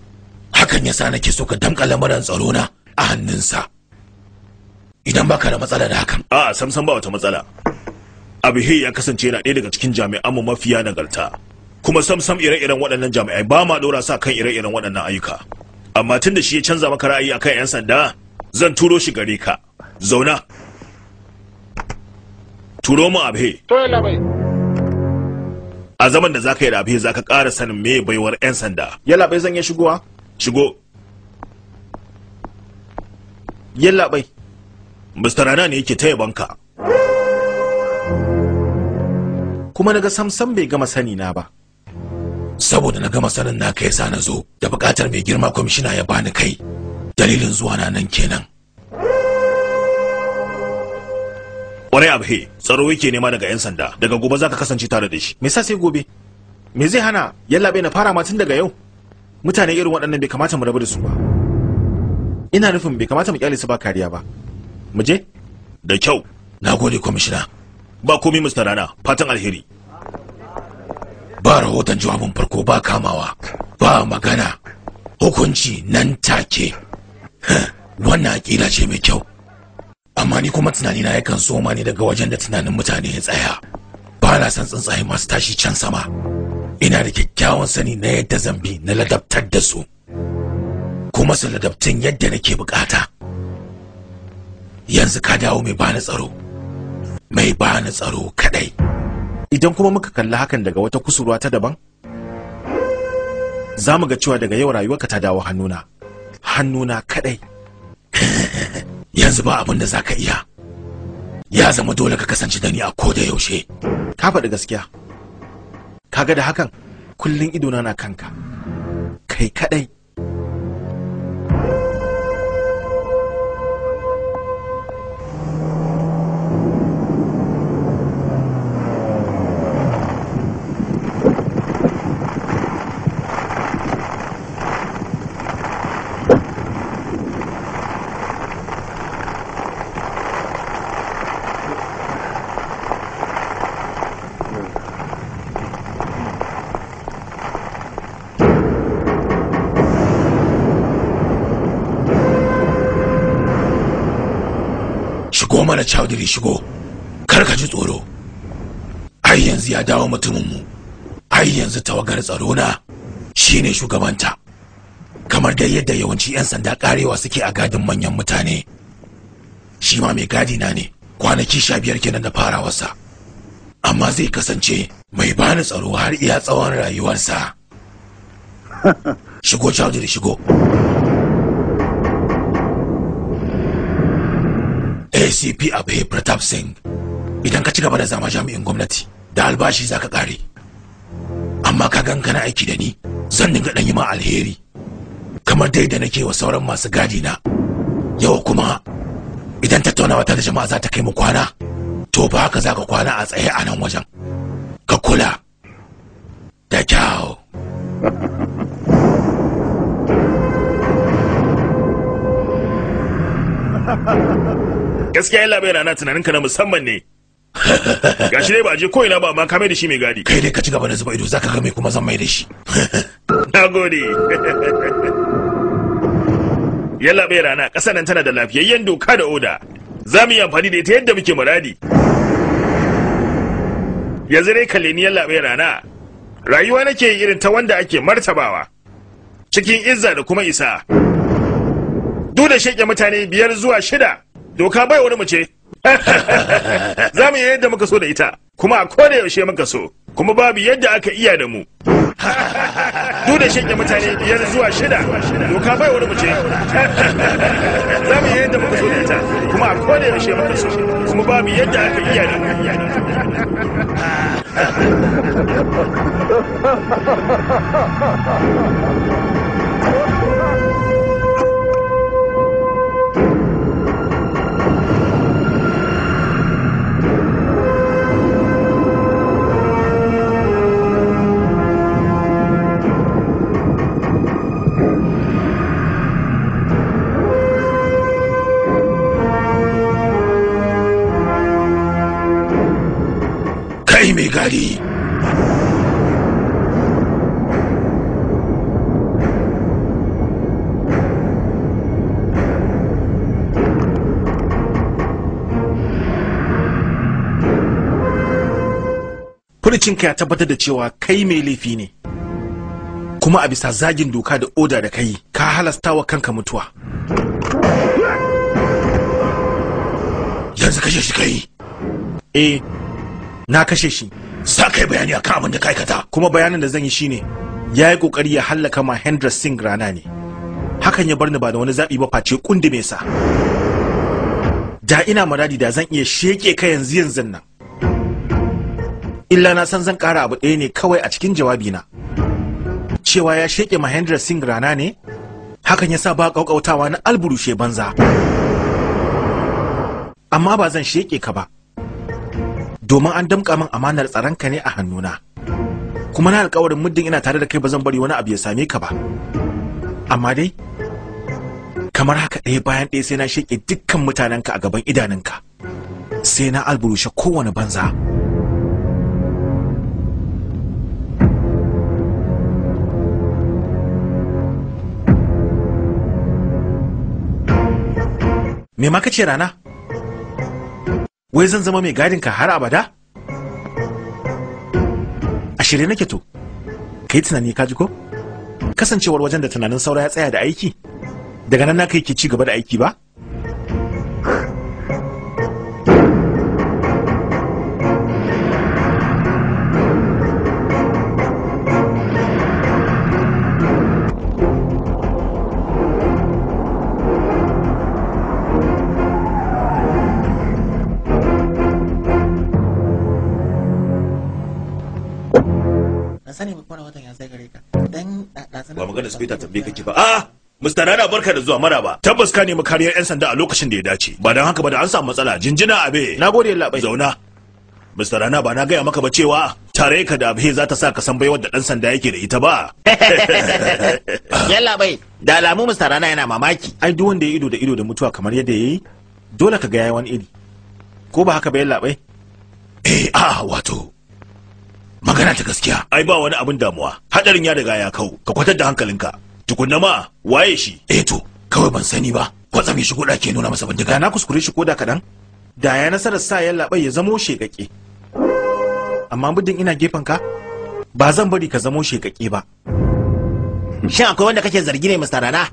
hakan ya sa nake so ka damƙa lamarin tsaro na a hannunsa idan baka da matsala da hakan a'a sam. ba wata matsala abihi ya kasance yana ɗaya daga cikin jami'an mu mafiya nagarta kuma samsam ire-iren waɗannan jami'ai ba ma ɗora sa kan ire-iren waɗannan ayyuka amma tun da shi ya canza maka ra'ayi akan 'yan sanda zan turo shi gare ka zauna turo mu abe a zaman da zaka yi da abhe zaka ƙara sanin me baiwar 'yan sanda yalla bai zan iya shigowa shigo yalla bai mr rana ne yake taya banka kuma naga samsam bai gama sani na ba saboda na gama sanin naka yasa na zo da bukatar mai girma kwamishina ya bani kai dalilin zuwa na nan kenan kwarai he tsaro yake nema daga yan sanda daga gobe zaka kasance tare da shi me yasa sai gobe me zai hana yallaɓe na fara ma tun daga yau mutane irin waɗannan bai kamata mu rabu da su ba ina nufin bai kamata mu kyale su ba kariya ba mu je da kyau na gode kwamishina ba komi mr rana fatan alheri ba rahoton jawabin farko ba kamawa ba magana hukunci nan take wannan aƙila ce mai kyau amma ni kuma tunani na yakan ma ne daga wajen da tunanin mutane ya tsaya ba na san tsuntsaye masu tashi can sama ina da kyakkyawan sani na yadda zambi na ladabtar da su kuma su ladabtun yadda nake bukata yanzu ka dawo mai bani tsaro mai bani tsaro kadai idan kuma muka kalli hakan daga wata kusurwa ta daban za mu ga cewa daga yau rayuwarka ta dawo hannuna hannuna kadai yanzu ba abin da zaka iya ya zama dole ka kasance da ni a ko da yaushe ka faɗi gaskiya kaga da hakan kullun idona na kanka kai kadai mana chowdhury shigo kar ka ji tsoro ai yanzu ya dawo mutuminmu ai yanzu tawagar tsaro na shine shugabanta kamar dai yadda yawanci 'yan sanda karewa suke a gadin manyan mutane shi ma mai gadi na ne kwanaki sha biyar kenan da farawarsa amma zai kasance mai bani tsaro har iya tsawon rayuwarsa shigo chowdhury shigo acp abe pratap singh idan ka ci gaba da zama jami'in gwamnati da albashi za ka kare amma ka gan kana aiki da ni zan dinga ɗan yi ma alheri kamar dai da nake wa sauran masu gadi na yau kuma idan tattaunawa ta da jama'a za ta kai mu kwana to ba haka za ka kwana a tsaye a nan wajen ka kula da kyau ha ha ha gaskiya yalla bai rana tunanin ka na musamman ne gashi dai ba je ko ina ba amma ka mai da shi mai gadi kai dai ka ci gaba da zuba ido zaka ga mai kuma zan mai da shi nagode yalla bai rana ƙasar nan tana da lafiyayyen doka da oda za mu yi amfani da ita yadda muke muradi yanzu dai kalle ni yalla bai rana rayuwa nake irin ta wanda ake martabawa cikin izza da kuma isa duk da sheke mutane biyar zuwa shida doka bai wani mace za mu yi yadda muka so da ita kuma a da yaushe muka so kuma babu yadda aka iya da mu duk da shanye mutane biyar zuwa shida doka bai wani mace za mu yi yadda muka so da ita kuma a da yaushe muka so kuma babu yadda aka iya da mu Ha ha ha ha ha ha! tari furicinka ya tabbatar da cewa kai mai laifi ne kuma a bisa zagin doka da oda da kai ka halasta wa kanka mutuwa yanzu kashe shi kai eh na kashe shi Sa ka yi bayani a kan abin da ka aikata kuma bayanin da zan yi shine ya yi kokari ya hallaka mahendra singh rana ne hakan ya bar ni ba da wani zaɓi ba face kundi mai sa da ina muradi da zan iya sheke ka yanzu yanzu nan illa na san zan ƙara abu ɗaya ne kawai a cikin jawabi na. cewa ya sheke mahendra singh rana ne hakan ya sa ba ƙauƙautawa na alburushe banza amma ba zan sheke ka ba domin an damƙa min amanar tsaronka ne a hannuna kuma na alƙawarin muddin ina tare da kai ba zan bari wani abu ya same ka ba amma dai kamar haka ɗaya bayan ɗaya sai na sheƙe dukkan mutanenka a gaban idanunka sai na alburushe kowane banza me ma kace rana wai zan zama mai gadin ka har abada a shirye nake to kai tunani ka ji ko kasancewar wajen da tunanin saura ya tsaya da aiki daga nan na kai ke ci gaba da aiki ba sani ba kwana watan ya gare ka dan ba magana speaker tambaye kake ba a ah, Mr. Rana barka da zuwa maraba. Tabbas ka nemi kariyar 'yan sanda a lokacin da ya dace. Ba don haka ba da an samu matsala jinjina abe. Na gode bai. Zauna. Mr. Rana ba na gaya maka ba cewa tare ka da abhe za ta sa ka san baiwar da dan sanda yake da ita ba. Yalla bai, da alamu Mr. Rana yana mamaki. Ai duk wanda ya ido da ido da mutuwa kamar yadda yayi, dole ka ga yayi wani iri. Ko ba haka ba yalla bai? Eh, ah, wato magana ta gaskiya ai ba wani abin damuwa hadarin ya daga ya kau ka kwatar da hankalinka tukunna ma waye shi eh to kawai ban sani ba kwatsam shi goda ke nuna masa bindiga na kuskure shi koda kadan da ya nasara sa ya labai ya zamo shegake. amma muddin ina gefen ka ba zan bari ka zamo shegake ba shin akwai wanda kake zargi ne Mr. Rana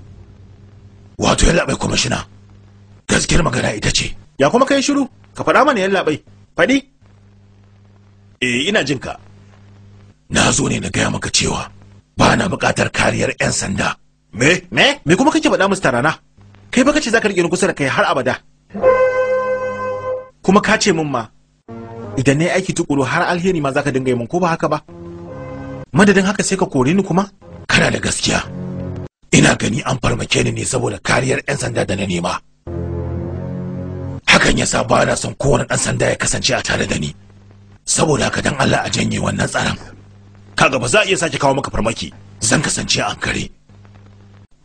wato ya labai kwamishina gaskiyar magana ita ce ya kuma kai shiru ka faɗa mana ya labai faɗi eh ina jinka na zo ne na gaya maka cewa ba na buƙatar kariyar 'yan sanda. Me? Me? Me kuma kake faɗa musu rana? Kai baka ce za ka riƙe ni kusa da kai har abada. Kuma ka ce min ma, idan na yi aiki tukuru har alheri ma za ka dinga yi min ko ba haka ba? Madadin haka sai ka kore ni kuma? Kana da gaskiya. Ina gani an farmake ni ne saboda kariyar 'yan sanda da na nema. Hakan ya sa ba na son kowane ɗan sanda ya kasance a tare da ni. Saboda haka dan Allah a janye wannan tsaron. kaga ba za a iya sake kawo maka farmaki zan kasance a ankare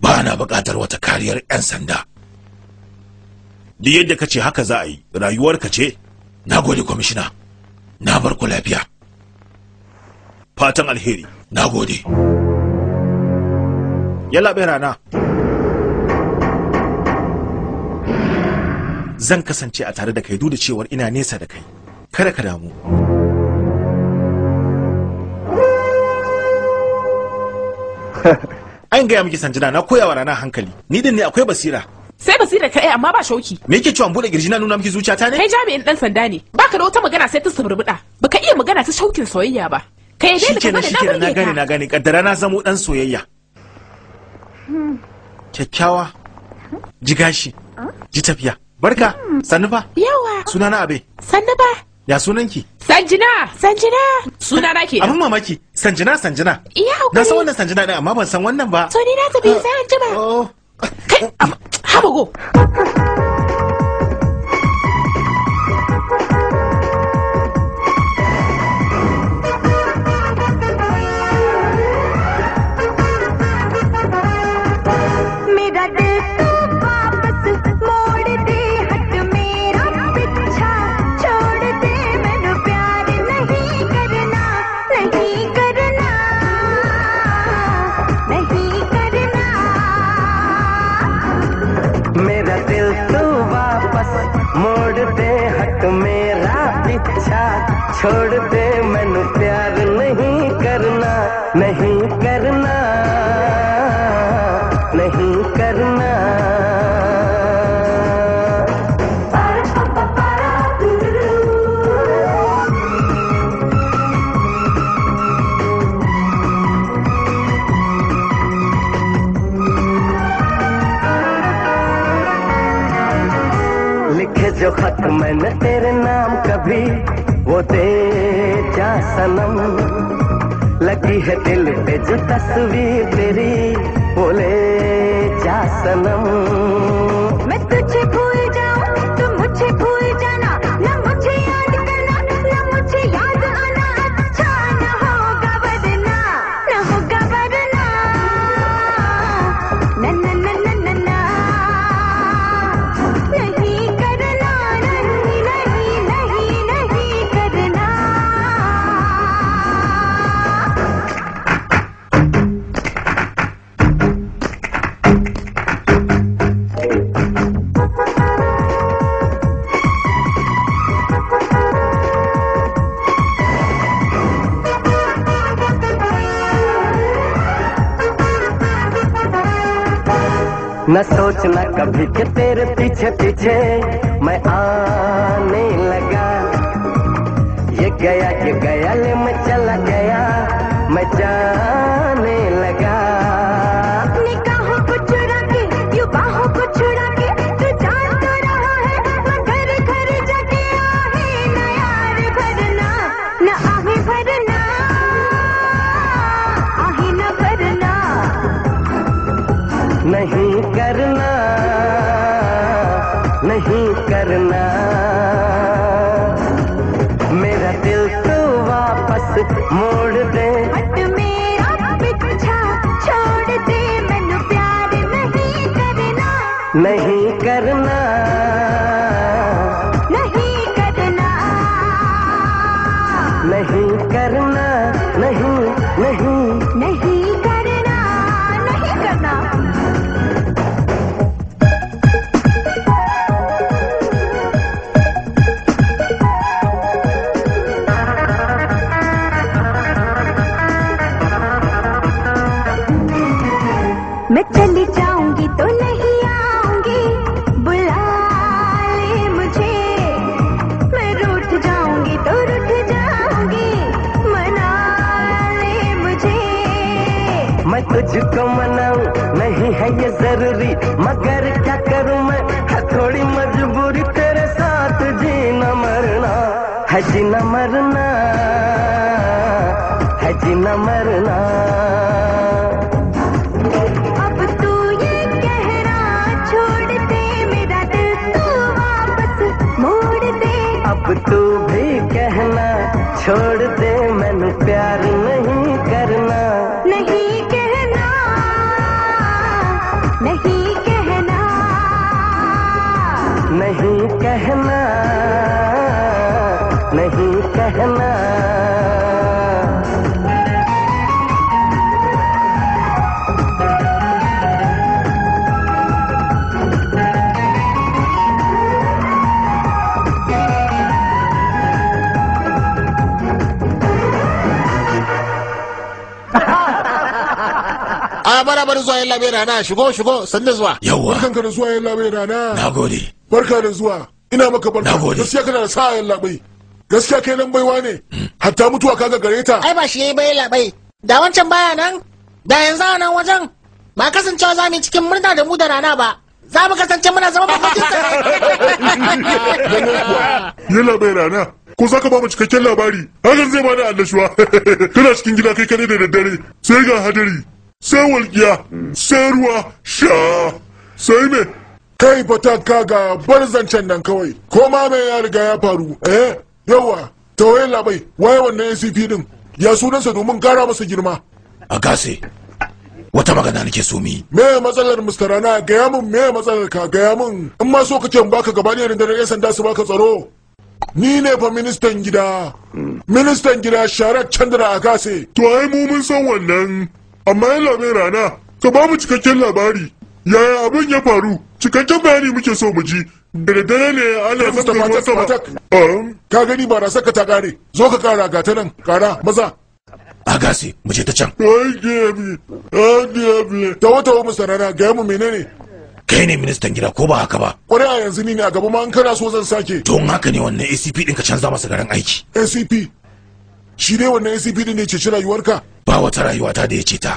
ba na buƙatar wata kariyar 'yan sanda duk yadda ka ce haka za a yi rayuwarka ce na gode kwamishina na bar ku lafiya fatan alheri na gode yalla bai rana zan kasance a tare da kai duk da cewar ina nesa da kai kada ka damu an gaya miki sanjina na koyawa rana hankali ni din ne akwai basira sai basira kai amma ba shauki me yake cewa bude girji na nuna miki ta ne kai jami'in dan sanda ne baka da wata magana sai ta saburbuda baka iya magana ta shaukin soyayya ba kai dai da na gane na gane kaddara na zamo dan soyayya kyakkyawa ji gashi ji tafiya barka hmm. sannu ba yawa sunana abe sannu ba ya sunanki sanjina sanjina suna na ke abin mamaki sanjina sanjina iya na san wannan sanjina din amma ban san wannan ba to ni na tafi sai an ji ba oh. ಕಾಸುವೆ नहीं करना மறுநாள் bar zuwa yin bai rana shigo shigo sanda zuwa Yawwa. barkan ka da zuwa yin bai rana gode. barka da zuwa ina maka barka nagode gaskiya kana da sa'a yalla gaskiya kai nan baiwa ne hmm. hatta mutuwa ka ga gareta. ai ba shi yayi bai labai da wancan baya nan da yanzu a nan wajen ba kasancewa za mu cikin murna da mu da rana ba za mu kasance muna zama bakin sa Yin bai rana ko za ka ba mu cikakken labari hakan zai bani annashuwa kana cikin gida kai kare da daddare sai ga hadari sai walgiya sai ruwa sha sai me kai fata kaga bar zancen nan kawai ko ma mai ya riga ya faru eh yawa wai labai wai wannan ACP din ya sunansa domin gara masa girma a gase wata magana nake so mi me matsalar Mr. Rana gaya min me matsalar ka gaya min in ma so ka ce baka gabani da yan sanda su baka tsaro ni ne fa ministan gida ministan gida Sharat Chandra Agase to ai mu mun san wannan amma yana mai rana ka ba cikakken labari yaya abin ya faru cikakken bayani muke so mu ji da dare ne ana zama wata ba ka gani ba na saka ta kare zo ka kara ga ta nan kara maza agasi mu je ta can ta wata wa sanana ga mu menene kai ne ministan gida ko ba haka ba a yanzu ni ne a gaba ma an kana so zan sake to haka ne wannan acp din ka canza masa garin aiki acp shi ne wannan acp din ne ceci rayuwarka ba wata rayuwata da ya ce ta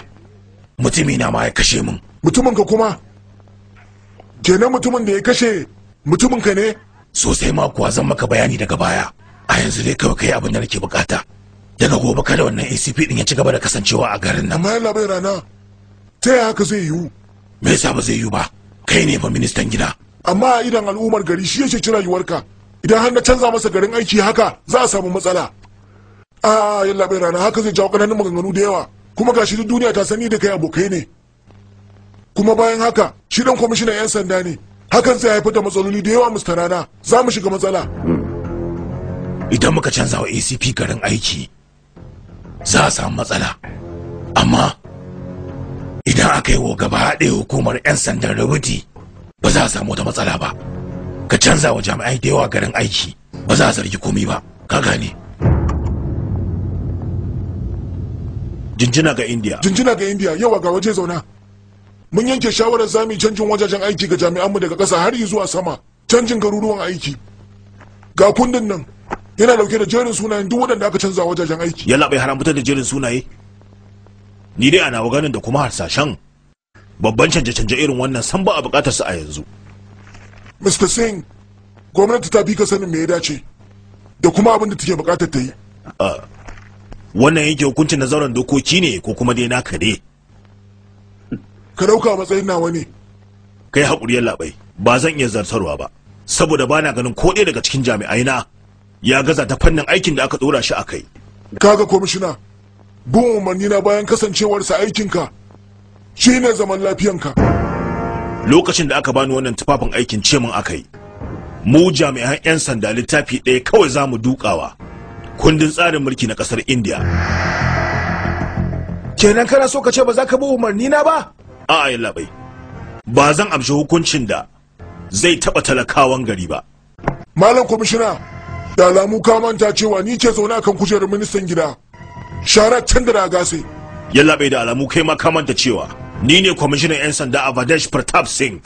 mutumi na ma ya kashe min mutumin ka kuma kenan mutumin da ya kashe mutumin ka ne sosai ma kuwa zan maka bayani daga baya a yanzu dai kawai kai abin da nake bukata daga gobe kada wannan ACP din ya ci gaba da kasancewa a garin nan amma bai rana ta yaya haka zai yiwu me yasa ba zai yiwu ba kai ne fa ministan gida amma idan al'ummar gari shi ya ce rayuwarka idan har na canza masa garin aiki haka za a samu matsala a ah, yalla bai rana haka zai jawo ƙananan maganganu da yawa kuma gashi duk duniya ta sani da kai abokai ne kuma bayan haka shi dan kwamishinan 'yan sanda ne hakan zai haifar da matsaloli da yawa mr rana za mu shiga matsala idan muka canza wa acp garin aiki za a samu matsala amma idan aka yi wa gaba haɗe hukumar 'yan sandan rabuti ba za a samu wata matsala ba ka canza wa jami'ai da yawa garin aiki ba za a zargi komai ba ka gane jinjina ga india jinjina ga india yawa ga waje zauna mun yanke shawarar zami canjin wajajen aiki ga jami'anmu daga kasa har yi zuwa sama canjin garuruwan aiki ga kundin nan yana dauke da jerin sunayen duk waɗanda aka canza wajajen aiki yalla bai fitar da jerin sunaye ni dai ana ganin da kuma harsashen babban canje-canje irin wannan san ba a buƙatar su a yanzu mr singh gwamnati ta bi ka sanin me ya dace da kuma abin da take buƙatar ta yi wannan yake hukuncin na zauren dokoki ne ko kuma dai naka ne ka dauka matsayin nawa ne kai haƙuri yalla bai ba zan iya zartarwa ba saboda bana ganin ko ɗaya daga cikin jami'ai na ya gaza ta fannin aikin da aka ɗora shi a kai kaga komishina bin umarni na bayan kasancewarsa aikinka shine zaman lafiyanka lokacin da aka bani wannan tufafin aikin ce mun aka yi mu jami'an 'yan sanda littafi ɗaya kawai za mu dukawa kundin tsarin mulki na kasar india kenan kana so ka ce ba za ka bi umarni na ba a'a yalla bai ba zan amshi hukuncin da zai taba talakawan gari ba malam kwamishina da alamu ka manta cewa ni ke zaune akan kujerar ministan gida shara can da gase yalla bai da alamu kai ma ka manta cewa ni ne kwamishinan 'yan sanda a vadesh pratap singh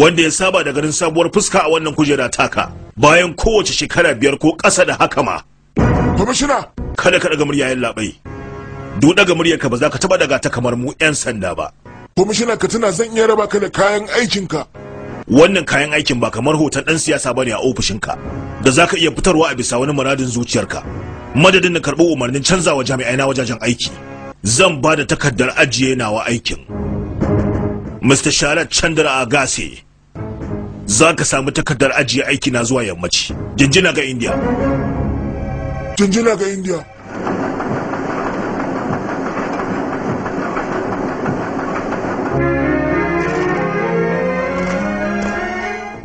wanda ya saba da garin sabuwar fuska a wannan kujera taka bayan kowace shekara biyar ko ƙasa da haka ma kwamishina kada ka daga murya yin labai duk daga muryar ka ba za ka taba daga ta kamar mu yan sanda ba kwamishina ka tuna zan iya raba ka da kayan aikin ka wannan kayan aikin ba kamar hoton ɗan siyasa bane a ofishin ka da ka iya fitarwa a bisa wani muradin zuciyarka madadin na karɓi umarnin canzawa jami'ai na wajajen aiki zan ba da takardar ajiye nawa aikin mr sharat chandra Agassi, za ka samu takardar ajiye aiki na zuwa yammaci jinjina ga india jinjina ga indiya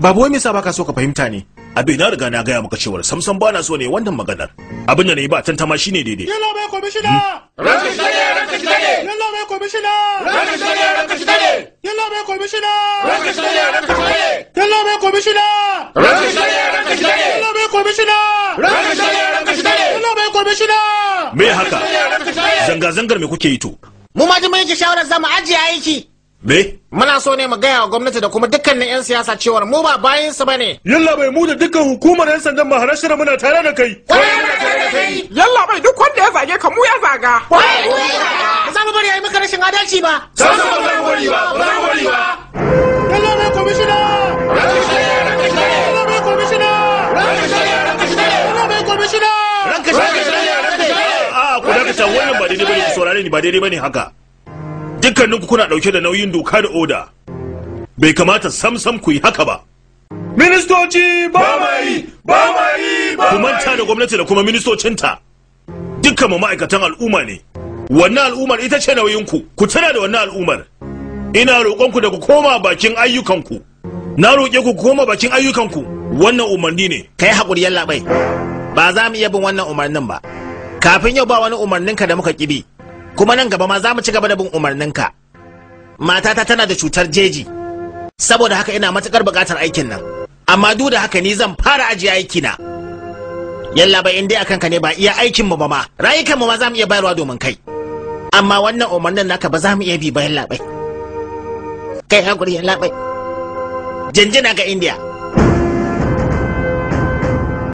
babu wai me yasa baka so ka fahimta ne abin na riga na gaya maka cewar samsam ba na so ne wannan maganar abin da ne ba tantama shine daidai yalla mai komishina hmm? rashin shi rashin ranka shi yalla mai komishina rashin shi rashin ranka shi yalla mai komishina rashin shi rashin ranka shi yalla mai komishina rashin shi rashin ranka shi yalla mai komishina rashin shi rashin ranka shi yalla mai komishina me haka zanga zangar me kuke yi to mu ma mun yanke shawarar zamu ajiye aiki me muna so ne mu gaya wa gwamnati da kuma dukkanin 'yan siyasa cewar mu ba bayan su bane yalla bai mu da dukkan hukumar 'yan sandan maharashtra muna tare da kai yalla bai duk wanda ya zage ka mu ya zaga ba za mu bari yayi maka rashin adalci ba ba za mu bari ba ba za mu bari ba yalla bai komishina yalla bai komishina yalla bai komishina ranka shi ranka shi ranka shi a ku daga wannan ba daidai bane ku saurare ni ba daidai bane haka dukkaninku kuna ɗauke da nauyin doka da oda bai kamata samsam ku yi haka ba ministoci ba mai ba mai ba ku manta da gwamnati da kuma ministocinta dukkan mu ma'aikatan al'umma ne wannan al'ummar ita ce nauyinku ku tana da wannan al'ummar ina roƙonku da ku koma bakin ayyukanku na roƙe ku koma bakin ayyukan ku wannan umarni ne kai hakuri yalla bai ba za mu iya bin wannan umarnin ba kafin yau ba wani umarnin ka da muka kibi kuma nan gaba ma za mu ci gaba da bin umarninka matata tana da cutar jeji saboda haka ina matukar bukatar aikin nan amma duk da haka ni zan fara ajiye aiki na yalla ba in dai akan ka ne ba iya aikin mu ba ma rayukan mu ma za mu iya bayarwa domin kai amma wannan umarnin naka ba za mu iya bi ba yalla bai kai hakuri yalla bai jinjina ga indiya